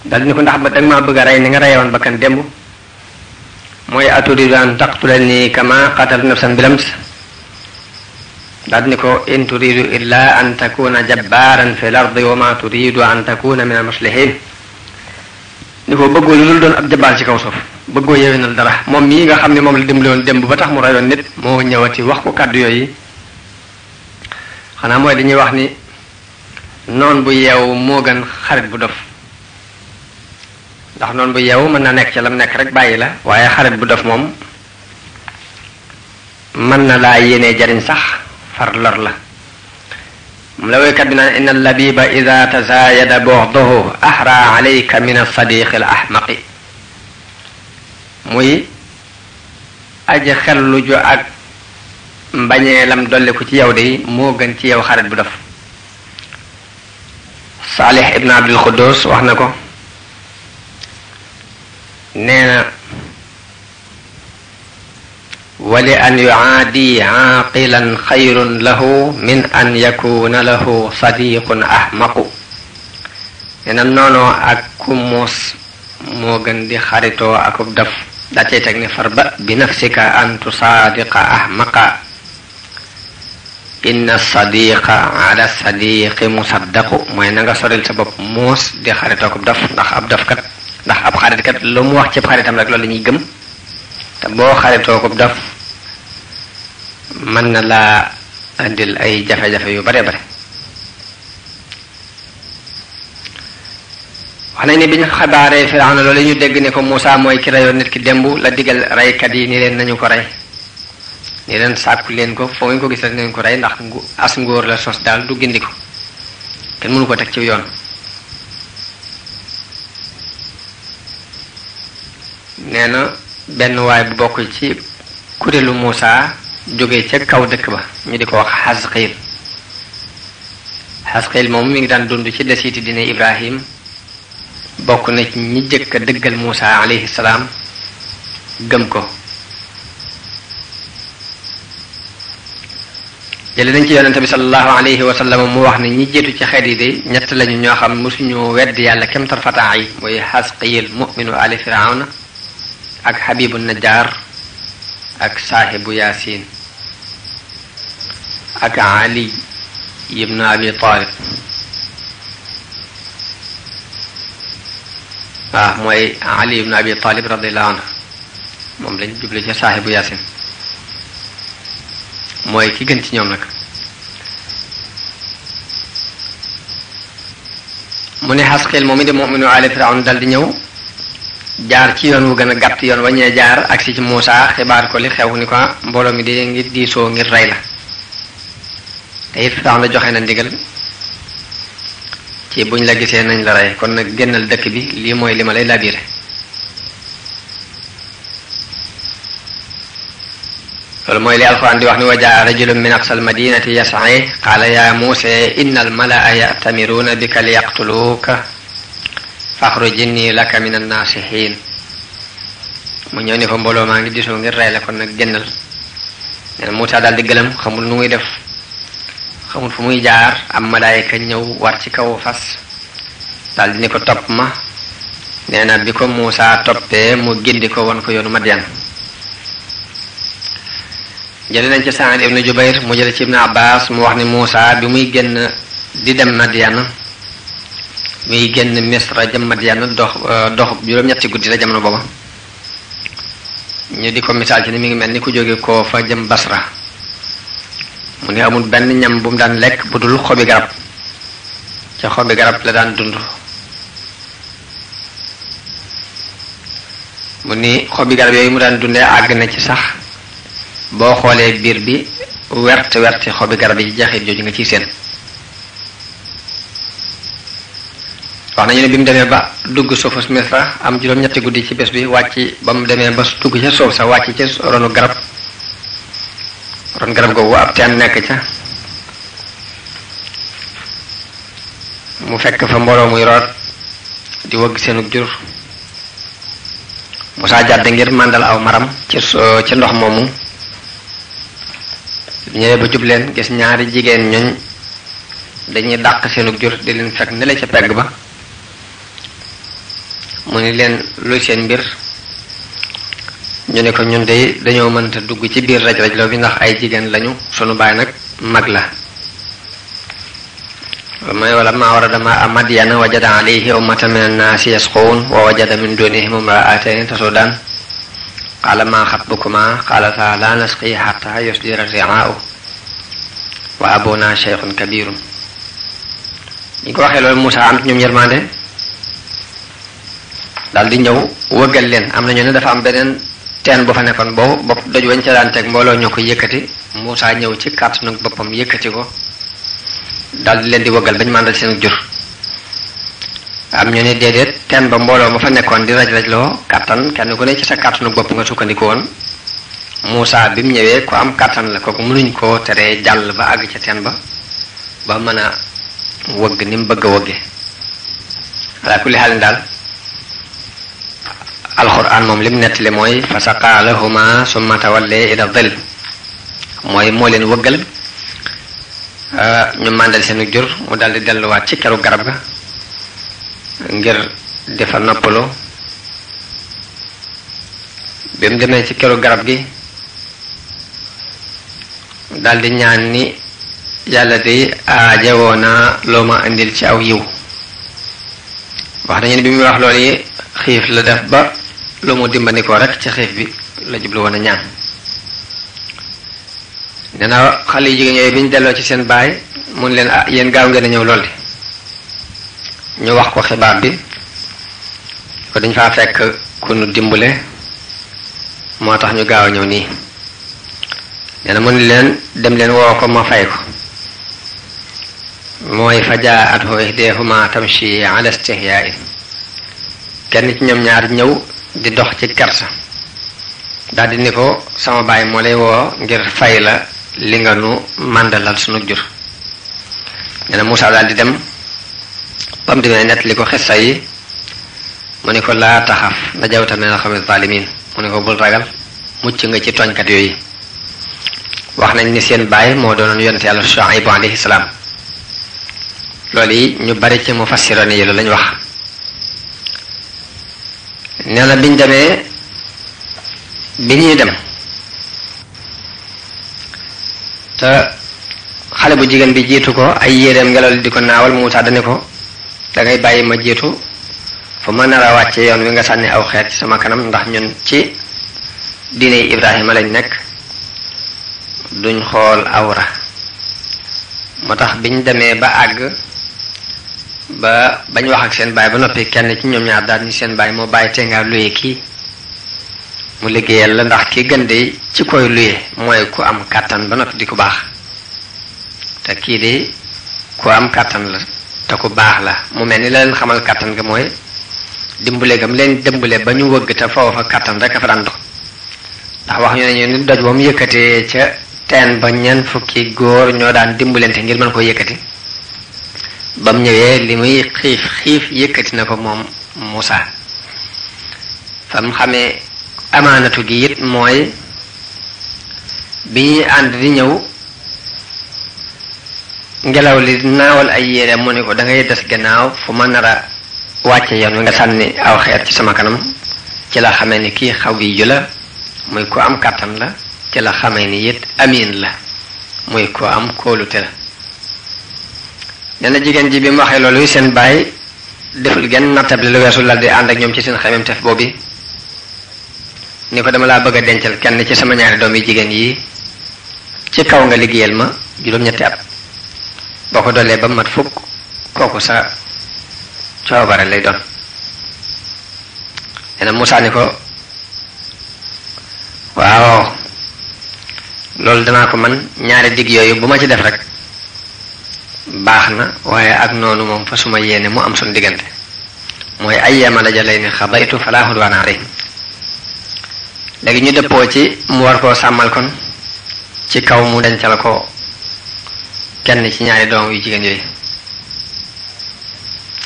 dal di ni ko ndax ba danga maa bëgg rey ni nga reyoon bakkan démb mooy aturiidu an taqtulanii kama qatalta nafsan bilams daal ni ko in turiidu illa an takuna jabbaaran fil ardi wa ma turiidu an takuna min al muslihin ni ko bëggoo lu dul doon ab jabaar ci kaw suuf bëggoo yewenal dara moom mii nga xam ne moom la dimbali woon démb ba tax mu rayoon nit moo ñëwati wax ku kàddu yooyu xanaa mooy dañuy wax ni noon bu yeewu moo gën xarit bu dof ndax noon bu yeewu mën na nekk ci lam nekk rek bàyyi la waaye xarit bu dof moom mën na laa yéenee jariñ sax far lor la moom la woykat bi naan inna labiba ida tazaayada bordohu ahra min asadiqi al ahmaqi muy aji xellu ju ak mbañeelam dolli ko ci yow de moo gën ci yow xarit bu dof saalih ibn abdul wax na ko wali an yuaadi aaqilan xayrun lahu min an yakuna lahu sadiqun ahmaqu nena noonoo ak ku muus moo gën di xaritoo akub daf da cay teg far ba bi nafsika an tusaadiqa ahmaqa inna sadiqa ala sadiqi musaddaqu mooy na nga soril sa bopp muus di xaritoo akub daf ndax ab daf kat ndax ab xarit kat lu mu wax ci xaritam rek loolu la ñuy gëm te boo xaritoo akub daf mën na laa indil ay jafe-jafe yu bare bare wax nañ ne bi ñu xabaaree Firawna loolu ñu dégg ne ko Moussa mooy ki reyoon nit ki démb la digal reykat yi ni leen nañu ko rey ni leen sàkku leen ko foo ngeen ko gis rek nañu ko rey ndax as ngóor la sos daal du gindi ko kenn mënu ko teg ci yoon nee na benn waay bu bokk ci kurélu Moussa jóge ca kaw dëkk ba ñu di ko wax xasqil xasqil moom mi ngi daan dund ci desiiti dine ibrahim bokk na ci ñi jëkk a dëggal muusa alayhi salaam gëm ko jële nañ ci yonente bi salallahu alayhi wa sallam mu wax ne ñi jiitu ci xeet yi de ñett lañu ñoo xam mosuñu wedd yàlla kem tarfataa yi mooy xasqil muminu ali firawna ak xabibu najjar ak saahibu yaasin ak ali ibn abi talib waaw mooy ali ibn abi talib radiallahu anhu moom lañ jubli ci saahibu yaasin mooy ki gën ci ñoom nag mu ne xasqil moom i di muminu aali firawn dal di ñëw jaar ci yoon wu gën a gàtt yoon waññee jaar ak si ci Muusa xibaar ko li xew ni ko mbooloo mi di ngi diisoo ngir rey la te it Firawna joxe na ndigal ci buñ la gisee nañ la rey kon nag génnal dëkk bi lii mooy li ma lay labiré loolu mooy li alquran di wax ni wa jaa rajulun min aqsal madinati yas'a qaala ya Muusa inna al malaa ya'tamiruuna bika liyaqtuluuka faxrujinni laka min annaasihin mu ñëw ne ko mbooloo maa ngi disoo ngir rey kon nag génnal nee na Muusaa di gëlëm xamul nu muy def xamul fu muy jaar am malaayika ñëw war ci kaw fas daal di ni ko topp ma nee na bi ko Muusaa toppee mu gindi ko won ko yoonu Madyan jële nañ ci Saad ibnu Jubayr mu jële ci ibnu Abbas mu wax ni Muusaa bi muy génn di dem Madyan muy génn misra jëm Madyan dox euh, dox juróom-ñetti guddi la jamono booba ñu di ko misaal ci ni mi ngi mel ni ku jóge koo fa jëm Basra mu ne amul benn ñam bu mu daan lekk bu dul xobi garab ca xobi garab la daan dund mu ni xobi garab yooyu mu daan dundee àgg na ci sax boo xoolee biir bi wert werti xobi garab yi jaxit jooju nga ciy seen wax nañu ne bi mu demee ba dugg suufus misra am juróom-ñetti guddi ci bés bi wàcc ba demee ba dugg ca suuf sa wàcc ca ronu garab ron garab googu ab teen nekk ca mu fekk fa mbooloo muy root di wëgg seenug jur Musaa jàdd ngir màndal aw maram ci ci ndox moomu ñëwee ba jub leen gis ñaari jigéen ñooñ dañuy dàq seenug jur di leen fekk ne la ca pegg ba mu ni leen luy seen mbir ñu ne ko ñun de dañoo mënta dugg ci biir raj rajloo bi ndax ay jigéen lañu sunu baay nag mag la mooy wala maa warada maa madyana wajada alayhi ummatan min annaasi yasquun wa wajada min dunihim imra'atayni tasudaan qaala maa xatbukumaa qaalataa laa nasqii hattaa yusdira ri'aa'u wa abunaa shaykhun kabiirun ñu ko waxee loolu am ci ñoom daal di ñëw wëggal leen am na nañu ne dafa am beneen teen boo fa nekkoon boobu bopp doj woñ ca daan teg mbooloo ñoo ko yëkkati Moussa ñëw ci kàttanu boppam yëkkati ko daal di leen di wëggal bañ màndal seen jur am ñu ne déedéet teen ba mbooloo ma fa nekkoon di raj loo kattan kenn ku ne ci sa kàttanu bopp nga sukkandiku woon Moussa bi mu ñëwee ko am kàttan la ko ko kooku mënuñ koo teree jàll ba àgg ca teen ba ba mën a wëgg ni mu bëgg a wëgge alaa ku xaalin daal alxuraan moom lim nettali mooy fa saqaa lahuma summa tawallee ila dhil mooy moo leen wëggal ah, ñu màndal seenu jur mu daldi delluwaat ci keru garab ga ngir di fa noppaloo bi mu demee ci keru garab gi daldi ñaan ni yàlla de aajawoo loo ma indil ci aw yiw wax nañu ne bi muy wax loolu yi xiif la def ba lu mu dimbandikoo rek ci xiif bi la jublu woon a ñaan nee na xale yi jigéen yooyu bi ñu delloo ci seen baay mun leen ah yéen gaaw ngeen a ñëw lool ñu wax ko xibaar bi ko dañ faa fekk ku nu dimbale moo tax ñu gaaw a ñëw nii nee na mun leen dem leen woo ko ma fay ko mooy fajaat hoo ihdeehuma tamshi ala istihyaa kenn ci ñoom ñaar ñëw di dox ci kersa daldi ni ko sama baay moo lay woo ngir fay la li nga nu màndalal sunu jur nee na Moussa di dem ba mu demee nettali ko xissa yi mu ne ko laa taxaf najawta min al-qawmi zaalimiin mu ne ko bul ragal mucc nga ci tooñkat yooyu wax nañ ni seen baay moo doonoon yonent yàlla Shuayb alayhi salaam loolu yi ñu bari ci mufassiroon yi la lañ wax nee na biñ demee bi ñuy dem te xale bu jigéen bi jiitu ko ay yéreem ngelaw di ko naawal mu wutaat dane ko dangay bàyyi ma jiitu fa ma nar a wàcce yoon wi nga sànni aw xeet ci sama kanam ndax ñun ci diine Ibrahima lañ nekk duñ xool awra moo tax biñ demee ba àgg ba bañ wax ak seen baay ba noppi kenn ci ñoom ñaar daal ni seen baay moo bàyyi tee ngaa luye kii mu liggéeyal la ndax ki gën de ci koy luye mooy ku am kàttan ba noppi di ku baax te kii de ku am kàttan la te ku baax la mu mel ni la leen xamal kàttan ga mooy dimbale gam leen dimbale ba ñu wëgg te foofa kàttan rek a fa daan dox ndax wax ñu ne ñu ni doj ba mu yëkkatee ca teen ba ñeent fukki góor ñoo daan dimbalante ngir mën koo yëkkati ba mu ñëwee li muy xiif xiif yëkkati na ko moom Moussa fam xamee amaanatu gi it mooy bi ñuy ànd di ñëw ngelaw li naawal ay yére mu ne ko dangay des gannaaw fu ma nar a wàcce yoon wi nga sànni aw xeer ci sama kanam ci la xamee ni kii xaw yi ju la muy ko am kàttan la ci la xamee ni it amiin la muy ko am kóolute la nee jigéen ji bi mu waxee loolu seen baay deful genn nattable lu weesu la di ànd ak ñoom ci seen xamemteef boobu ni ko dama laa bëgg a dencal kenn ci sama ñaari doom yi jigéen yi ci kaw nga liggéeyal ma juróom-ñetti at boo ko doolee ba mat fukk kooku sa coobare lay doon nee na Moussa ko waaw loolu danaa ko man ñaari digg yooyu bu ma ci def rek baax na waaye ak noonu moom fa suma yéene mu am suñ diggante mooy ay yama la jalay ni xabaytu falaa xudwaan alayhim léegi ñu dëppoo ci mu war koo sàmmal kon ci kaw mu dencal ko kenn ci ñaari doom yu jigéen yooyu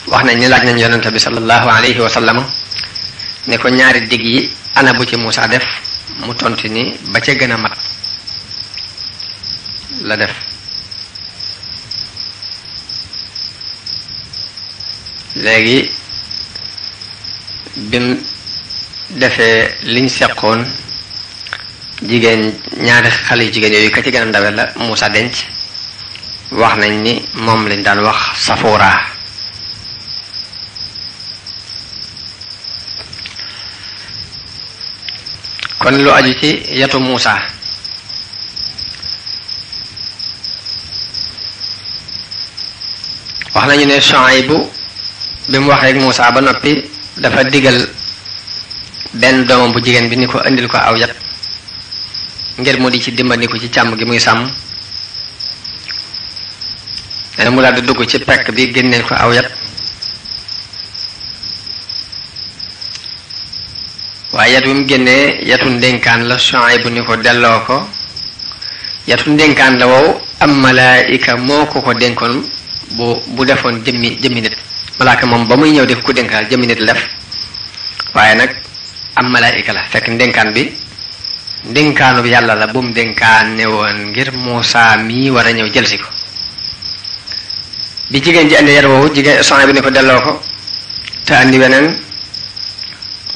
wax nañ ni laaj nañ yonente bi sallallahu alayhi wa sallam ne ko ñaari digg yi ana bu ci Muusa def mu tontu ni ba ca gën a mat la def léegi bim defee liñ seqoon jigéen ñaari xale yu jigéen yooyu ka ci gën ndawe la Moussa denc wax nañ ni moom lañ daan wax Safora kon lu aju ci yatu Moussa wax nañu ne Shuaybu bi mu waxee ak Moussa ba noppi dafa digal benn doomam bu jigéen bi ni ko indil ko aw yat ngir mu di ci dimbandiku ci càmm gi muy sàmm dana mu daal dugg ci pekk bi génneel ko aw yat waaye yat mu génnee yatu ndénkaan la Shuayb bu ni ko delloo ko yatu ndénkaan la wow am malaayika moo ko ko dénkoon bu bu defoon jëmmi jëmmi nit malaaka moom ba muy ñëw def ku dénkaal jëmi nit lef waaye nag am malaayika la fekk ndénkaan bi ndénkaanu bi yàlla la bu mu dénkaane woon ngir Muusaa mii war a ñëw jël si ko bi jigéen ji andi yar woowu jigéen sang bi ne ko delloo ko te andi weneen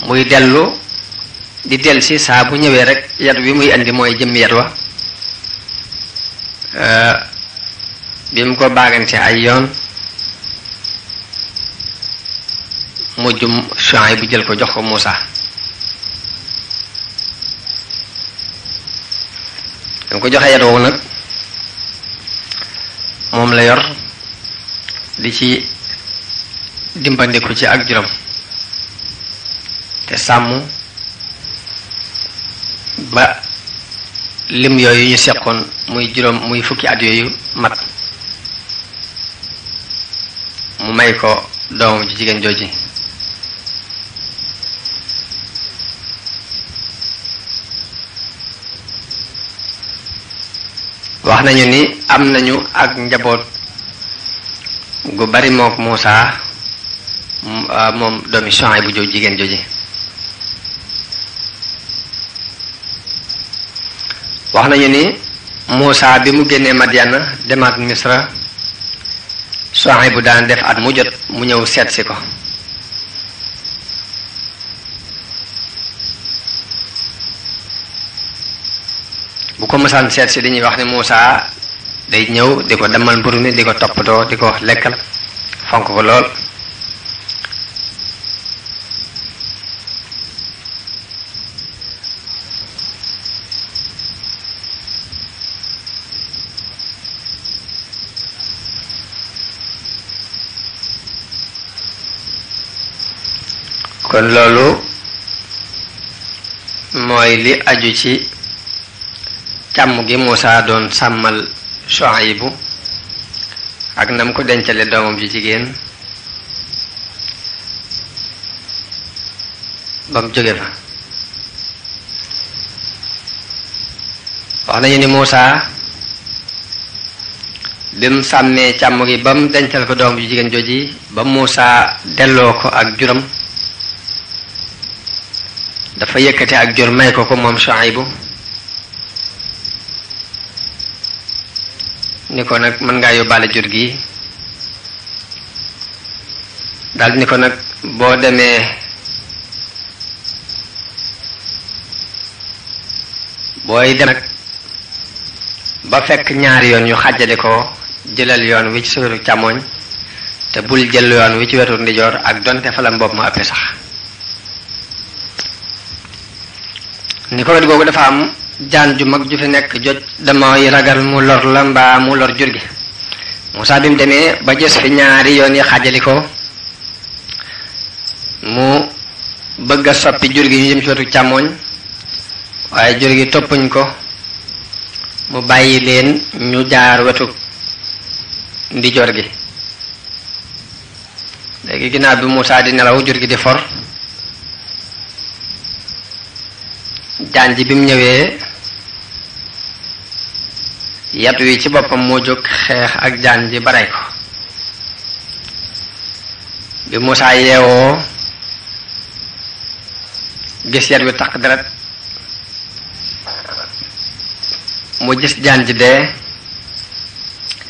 muy dellu di del si saa bu ñëwee rek yar wi muy indi mooy jëmm yar wa euh, bi mu ko baagante ay yoon mujjum Shuayb bi jël ko jox ko Muusa bi ko joxee yat woowu nag moom la yor di ci dimbandiku ci ak juróom te sàmm ba lim yooyu ñu seqoon muy juróom muy fukki at yooyu mat mu may ko doomam ji jigéen jooji wax nañu ni am nañu ak njaboot gu bari mook Muusa ah, moom doomi Shuayb bu jooju jigéen jooji wax nañu ni Muusa bi mu génnee Madiana demaat Misra Shuayb bu daan def at mu jot mu ñëw seetsi si ko bu ko mosaan seet si li ñuy wax ne Moussa day ñëw di ko demal mburu mi di ko toppatoo di ko lekkal fonk kon loolu mooy li aju ci càmm gi Muusaa doon sàmmal Shuaybu ak na mu ko dencalee doomam ju jigéen ba mu jóge fa wax nañu ni Muusaa bi mu sàmmee càmm gi ba mu dencal ko doom ju jigéen joji ba Muusaa delloo ko ak juram dafa yëkkate ak jur may ko ko moom Shuaybu ni nag mën ngaa yóbbaale jur gi daal ni ko nag boo demee booy dem ba fekk ñaari yoon yu xàjjale ko jëlal yoon wi ci sa wetu càmmoñ te bul jël yoon wi ci wetu ndijoor ak donte falam boobu ma ëppee sax ni ko wet googu dafa am jaan ju mag ju fi nekk jot damay ragal mu lor la mbaa mu lor jur gi Moussa bi mu demee ba gis fi ñaari yoon yi xaajali ko mu bëgga a soppi jur gi ñu jëm ci wetu càmmoñ waaye jur gi toppuñ ko mu bàyyi leen ñu jaar wetu ndijoor gi léegi ginnaaw bi Moussa di nelaw jur gi di for jaan ji bi mu ñëwee yat wi ci boppam moo jóg xeex ak jaan ji ba rey ko bi Musaa yeewoo gis yat wi taq deret mu gis jaan ji dee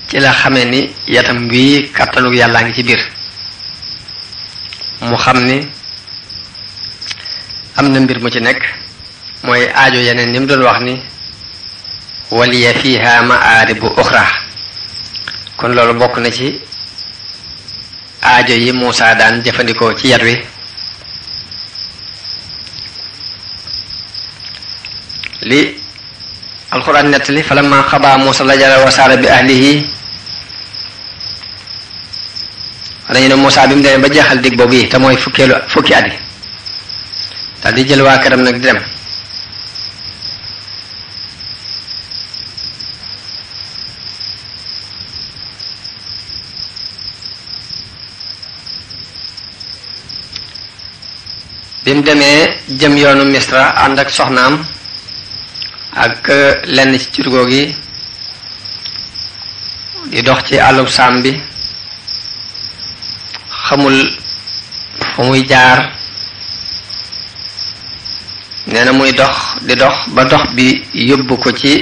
ci la xamee ni yatam wii kàttanu yàllaa ngi ci biir mu xam ni am na mbir mu ci nekk mooy aajo yeneen li mu doon wax ni waliya fiha maaribu uxra kon loolu bokk na ci aajo yi Muusa daan jëfandikoo ci yar wi li alxuraan nettali falamma xabaa Muusa lajara wa saara bi ahlihi dañu ne Muusa bi de demee ba jeexal dig boobu yi te mooy fukkeelu fukki at yi daal di jël waa këram nag di dem bi mu demee jëm yoonu misra ànd ak soxnaam ak euh, lenn ci curgoo gi di dox ci àllub saam bi xamul fu muy jaar nee na muy dox di dox ba dox bi yóbbu ko ci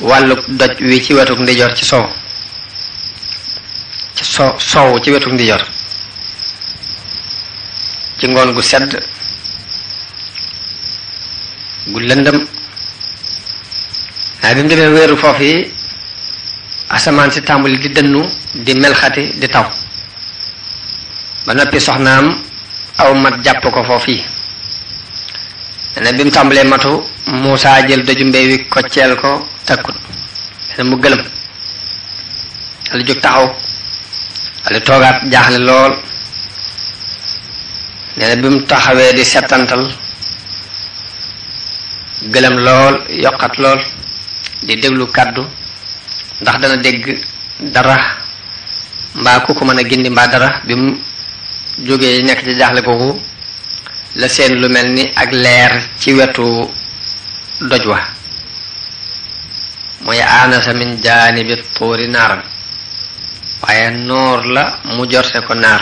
wàlluk doj wi ci wetuk ndijoor ci sow ci so sow ci wetuk ndijoor ci ngoon gu sedd gu lëndëm waaye bi mu demee wéeru foofu yi asamaan si tàmbali di dënnu di melxati di taw ba noppi soxnaam aw mat jàpp ko foofu yi ne bi mu tàmbalee matu Muusaa jël daju mbéy wi kocceel ko takkut ne mu gëlëm dalu jóg taxaw dalu toogaat jaaxle lool nee bi mu taxawee di setantal gëlëm lool yokkat lool di déglu kàddu ndax dana dégg dara mbaa ku ko mën a gindi mbaa dara bi mu jógee nekk ci jaaxle kooku la seen lu mel ni ak leer ci wetu doj wa mooy aanasa min jaani bi tuuri naaram waaye noor la mu jorse ko naar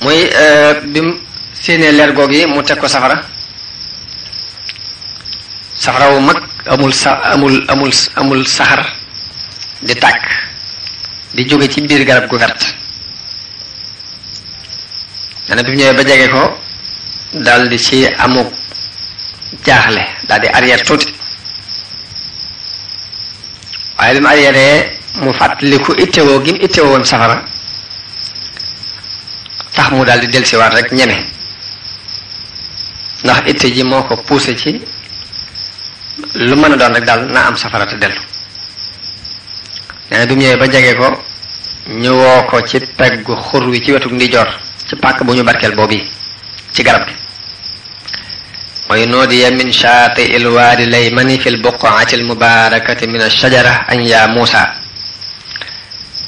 muy bi eh, mu séenee leer goog yi mu teg ko safara safara wu mag amul sa amul amul amul saxar di tàkk di jóge ci biir garab gu wert dana bi mu ñëwee ba jege ko dal di ci amuk jaaxle daal di arrière tuuti waaye bi mu arrière mu fàttaliku ittewoo gi mu woon safara tax mu daal di dellusiwaat rek ñeme ndax itte ji moo ko poussé ci lu mën a doon rek daal naa am safara te dellu nee na bi mu ñëwee ba jege ko ñëwoo ko ci peggu xur wi ci wetu ndijoor ci pàkk bu ñu barkeel boobu ci garab gi mooy nuudiya min shaati il waadi laymani fi l buqaati l mubarakati min ashajara an yaa muusa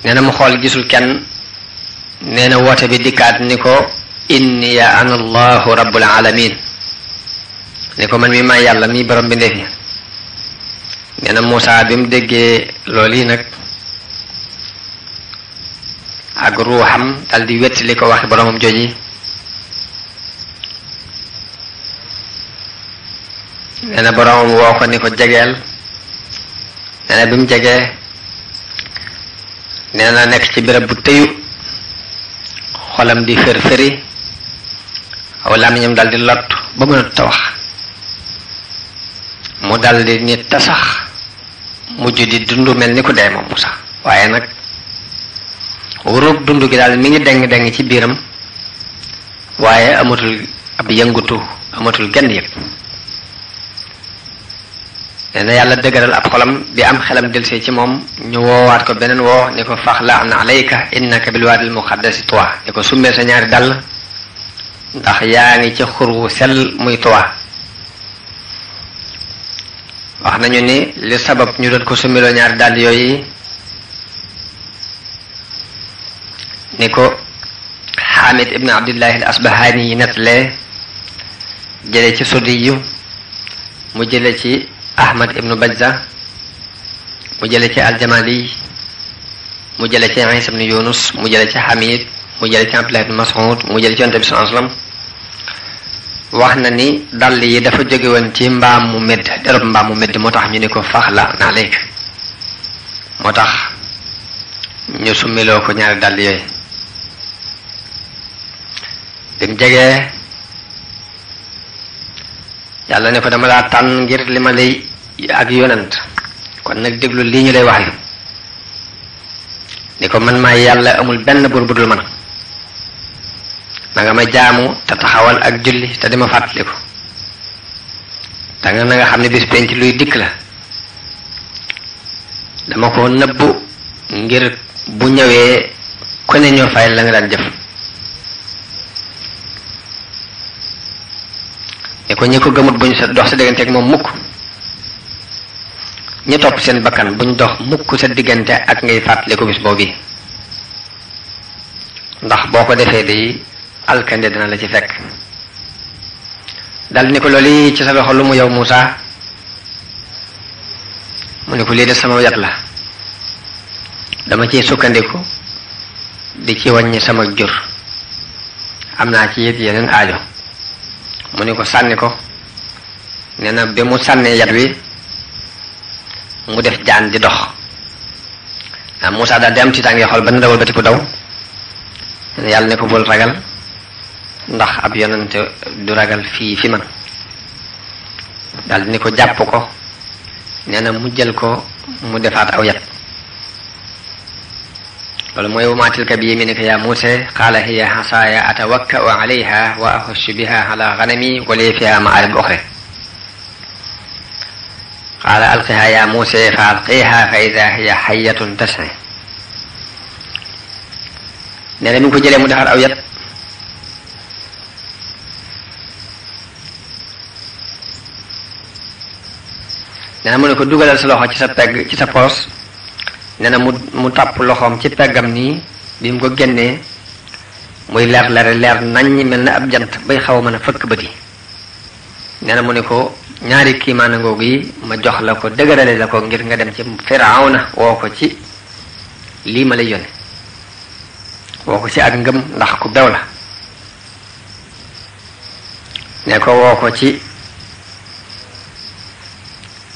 nee na mu xool gisul kenn nee na woote bi dikkaat ni ko inni ya ana allahu rabbul alamin ni ko man mi maa yàlla mi borom bi ndeef ñi nee na Muusa déggee loolu ak ruuxam dal di wetti li ko waxi boromam joji nee na boromam woo ni ko jegeel nee na bi mu nekk ci béréb bu xolam di fër-fëri aw làmmiñam dal di lot ba mënut ta wax mu dal di nit mujj di dund mel ni ku dee moom sax waaye nag wóorub dund gi daal mi ngi deng-deng ci biiram waaye amatul ab yëngutu amatul genn yëpp nee yàlla dëgëral ab xolam bi am xelam delsee ci moom ñu woowaat ko beneen woo ni ko faxla na alayka innaka bilwaadil muqaddasi tuwa ni ko summee sa ñaari dàll ndax yaa ngi ci xur wu sell muy tuwa wax nañu ni li sabab ñu doon ko summiloo ñaari dàll yooyu ni ko Xaamid ibn Abdillahi al yi nettalee jële ci Suddi yu mu jële ci ahmad ibnu bajza mu jële ci aljamali mu jële ci isa ibnu yunus mu jële ci hamid mu jële ci abdullah ibnu mas'ud mu jële ci yonent bi sallallahu alayhi wasallam wax na ni dàll yi dafa jógewoon ci mbaam mu medd derub mbaam mu medd moo tax ñu ni ko faxla naa léegi moo tax ñu summiloo ko ñaari dàll yooyu bi mu jegee yàlla ne ko dama laa tànn ngir li ma lay ak yonant kon nag déglu lii ñu lay wax yi ni ko man maay yàlla amul benn buur bu dul man na ma jaamu te taxawal ak julli te di ma fàttaliku da nga xam ne bis luy dikk la dama ko nëbbu ngir bu ñëwee ku ne ñoo fay la nga daan jëf ni ko ñi ko gëmut buñ sa dox sa digganteeg moom mukk ñu topp seen bakkan ñu dox mukk sa diggante ak ngay fàttaliku bis boobu ndax boo ko defee day alkande dina la ci fekk dal ni ko loolu yi ci sa loxo lu mu yow Moussa mu ne ko lii de sama yat la dama ciy sukkandiku di ci wàññi sama jur am naa ci yit yeneen aajo mu ne ko sànni ko ne na bi mu sànnee yat wi mu def jaan di dox ah Moussa daal di am tiitaange xool ba na dawal ba ti ku daw yàlla ne ko bul ragal ndax ab yonente du ragal fii fi man daal di ko jàpp ko nee na mu jël ko mu defaat aw yat loolu mooy wamaa tilka bi yaminika yaa Muusa qaala hiya asaaya atawakka'u alayha wa ahussu biha ala ganami wa li fiha ma'aarib uxra qaala alqiha yaa muuse fa alqiha fa ida hiya xayatun tasne nee na mi ko jëlee mu defar aw yat nee na ne ko dugalal sa loxo ci sa pegg ci sa poos nee mu mu tàpp loxoom ci peggam nii bi mu ko génnee muy leer leer leer naññ mel na ab jant bay xaw a mën a fëkk bët yi nee mu ne ko ñaari kiimaana ngoogu yi ma jox la ko dëgërale la ko ngir nga dem ci firawna woo ko ci lii ma lay yónne woo ko ci ak ngëm ndax ku bew la ne ko woo ko ci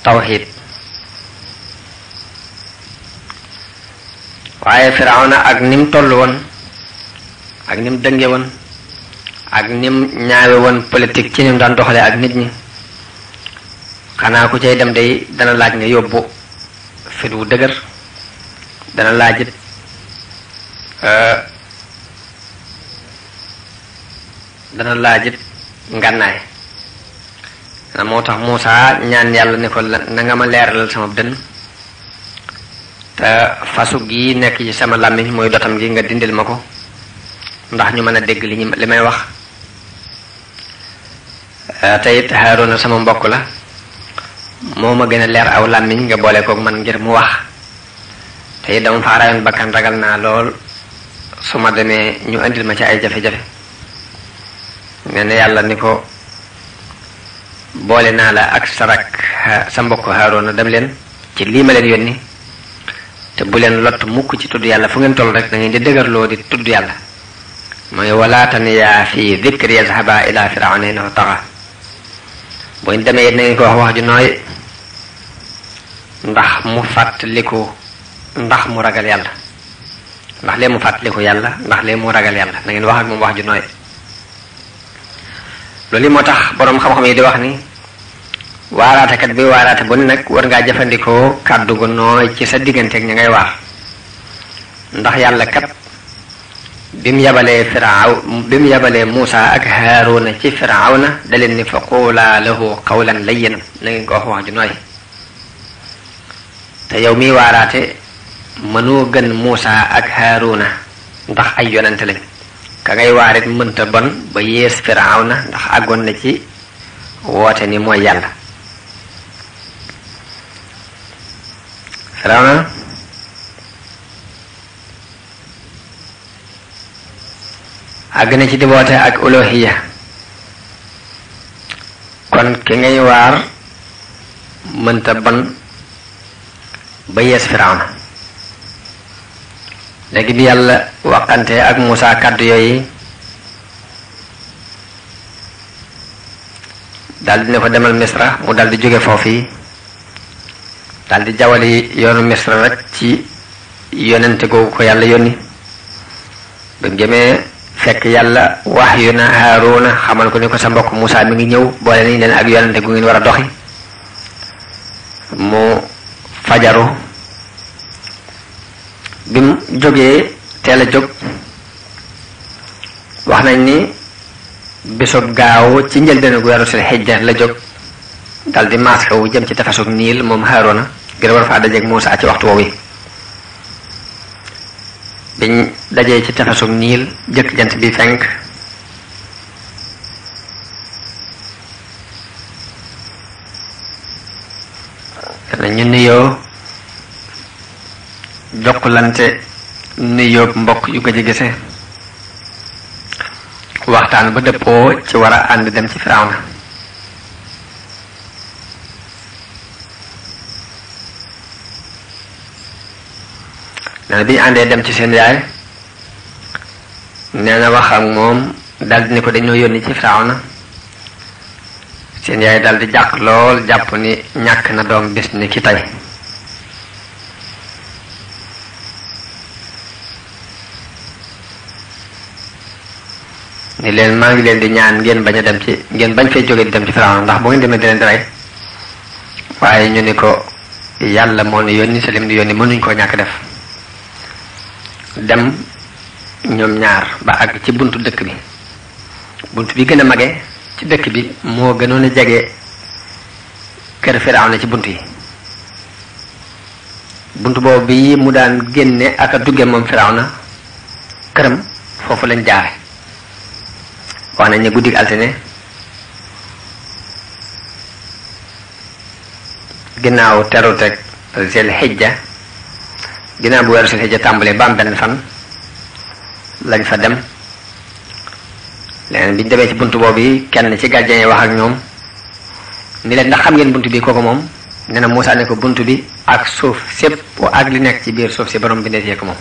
tawxiid waaye firawna ak nim toll woon ak nim dënge woon ak nim ñaawe woon politique ci nim daan doxalee ak nit ñi xanaa ku cay dem day dana laaj nga yóbbu fit wu dëgër dana laajit euh, dana laajit ngànnaay na moo tax Muusa ñaan yàlla ne ko na ma leeralal sama dënn te fasu gi nekk ci sama làmmiñ mooy dotam gi nga dindil ma ko ndax ñu mën a dégg li may wax Euh, te it Haaruna sama mbokk la moo ma gën a leer aw làmmiñ nga boole kook man ngir mu wax te it dama fa rayoon bakkan ragal naa lool su ma demee ñu indil ma ci ay jafe-jafe nee yàlla ni ko boole naa la ak sa rak sa mbokk Haaruna dem leen ci lii ma leen yónni te bu leen lott mukk ci tudd yàlla fu ngeen toll rek da di dëgërloo di tudd yàlla mooy walaatan yaa fi dikri yazhaba ila firawna innahu taxa boo demee na ngeen ko wax wax ju nooy ndax mu fàttaliku ndax mu ragal yàlla ndax lee mu fàttaliku yàlla ndax lee mu ragal yàlla na ngeen wax ak moom wax ju nooy loolu moo tax boroom xam-xam yi di wax ni waaraatekat bi waaraate bu ne nag war ngaa jëfandikoo kàddu gu nooy ci sa digganteek ak ngay waa ndax yàlla kat bi mu yabalee firaaw bi yabalee Muusa ak Haaruna ci firawna da leen ni fa quulaa lahu qawlan layyinan na ngeen ko wax wax ju nooy te yow miy waaraate mënoo gën Muusa ak Haaruna ndax ay yonente lañ ka ngay waarit mënta bon ba yées firawna ndax àggoon na ci woote ni mooy yàlla firawna àgg na ci di woote ak olohiya kon ki ngay waar mënta ban ba yees firawna léegi bi yàlla waxante ak Moussa kàddu yooyu daldi ne ko demal misra mu daldi jóge foofu yi daldi jawali yoonu misra rek ci yonente googu ko yàlla yónni ba mu fekk yàlla wax yu na Haaruna xamal ko ni ko sa mbokk Moussa mi ngi ñëw boole nañ leen ak yonante gu ngeen war a doxi mu fajaru bi mu jógee teel a jóg wax nañ ni bisub gaaw ci njëlbeenu gu weeru sul xijja la jóg dal di maas wu jëm ci tefesug niil moom Haaruna ngir war faa dajeeg Moussa ci waxtu woowu biñ dajee ci tefesug niil jëkk jant bi fenk ñu nuyoo jokkulante nuyoo mbokk yu gëj a gise waxtaan ba dëppoo ci war a ànd dem ci Firawna nee bi àndee dem ci seen yaay nee na wax moom daldi ni ko dañoo yónni ci Firawna seen daldi jàq lool jàpp ni ñàkk na doom bis ni ki tey leen maa ngi leen di ñaan ngeen bañ a dem ci ngeen bañ fee jóge di dem ci Firawna ndax bu ngeen demee di leen di rey waaye ñu ni ko yàlla moo ni yónni sa ni yónni mënuñ koo ñàkk def dem ñoom ñaar ba àgg ci buntu dëkk bi bunt bi gën a mage ci dëkk bi moo gënoon a jege kër na ci bunt yi bunt boobu bi mu daan génne ak a dugge moom Firawna këram foofu lañ jaare wax nañ ne guddi altine ginnaaw terut teg zel xijja ginnaaw bu weeru si ja tàmbalee ba am benn fan lañ fa dem leneen bi demee ci bunt boobu yi kenn ci gardien wax ak ñoom ni leen ndax xam ngeen bunt bi kooku moom nee na ne ko bunt bi ak suuf sépp ak li nekk ci biir suuf si borom bi nekk yee ko moom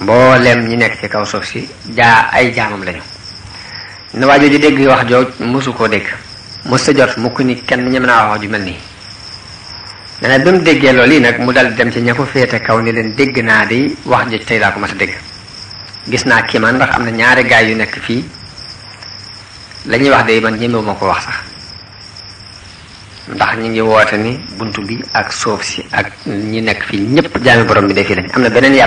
mbooleem ñi nekk ci kaw suuf si jaa ay jaamam lañu ne waa jooju dégg wax jooj mosu koo dégg mos sa jot mukk ni kenn ñeme naa wax ju mel nii nee na mu déggee loolu yi nag mu dal dem ci ña ko féete kaw ni leen dégg naa di wax joj tey laa ko ma a dégg gis naa kii man ndax am na ñaari gaay yu nekk fii la ñuy wax de man ñemewu ma ko wax sax ndax ñu ngi woote ni bunt bi ak suuf si ak ñi nekk fii ñëpp jaami borom bi de fii lañ am na beneen yàlla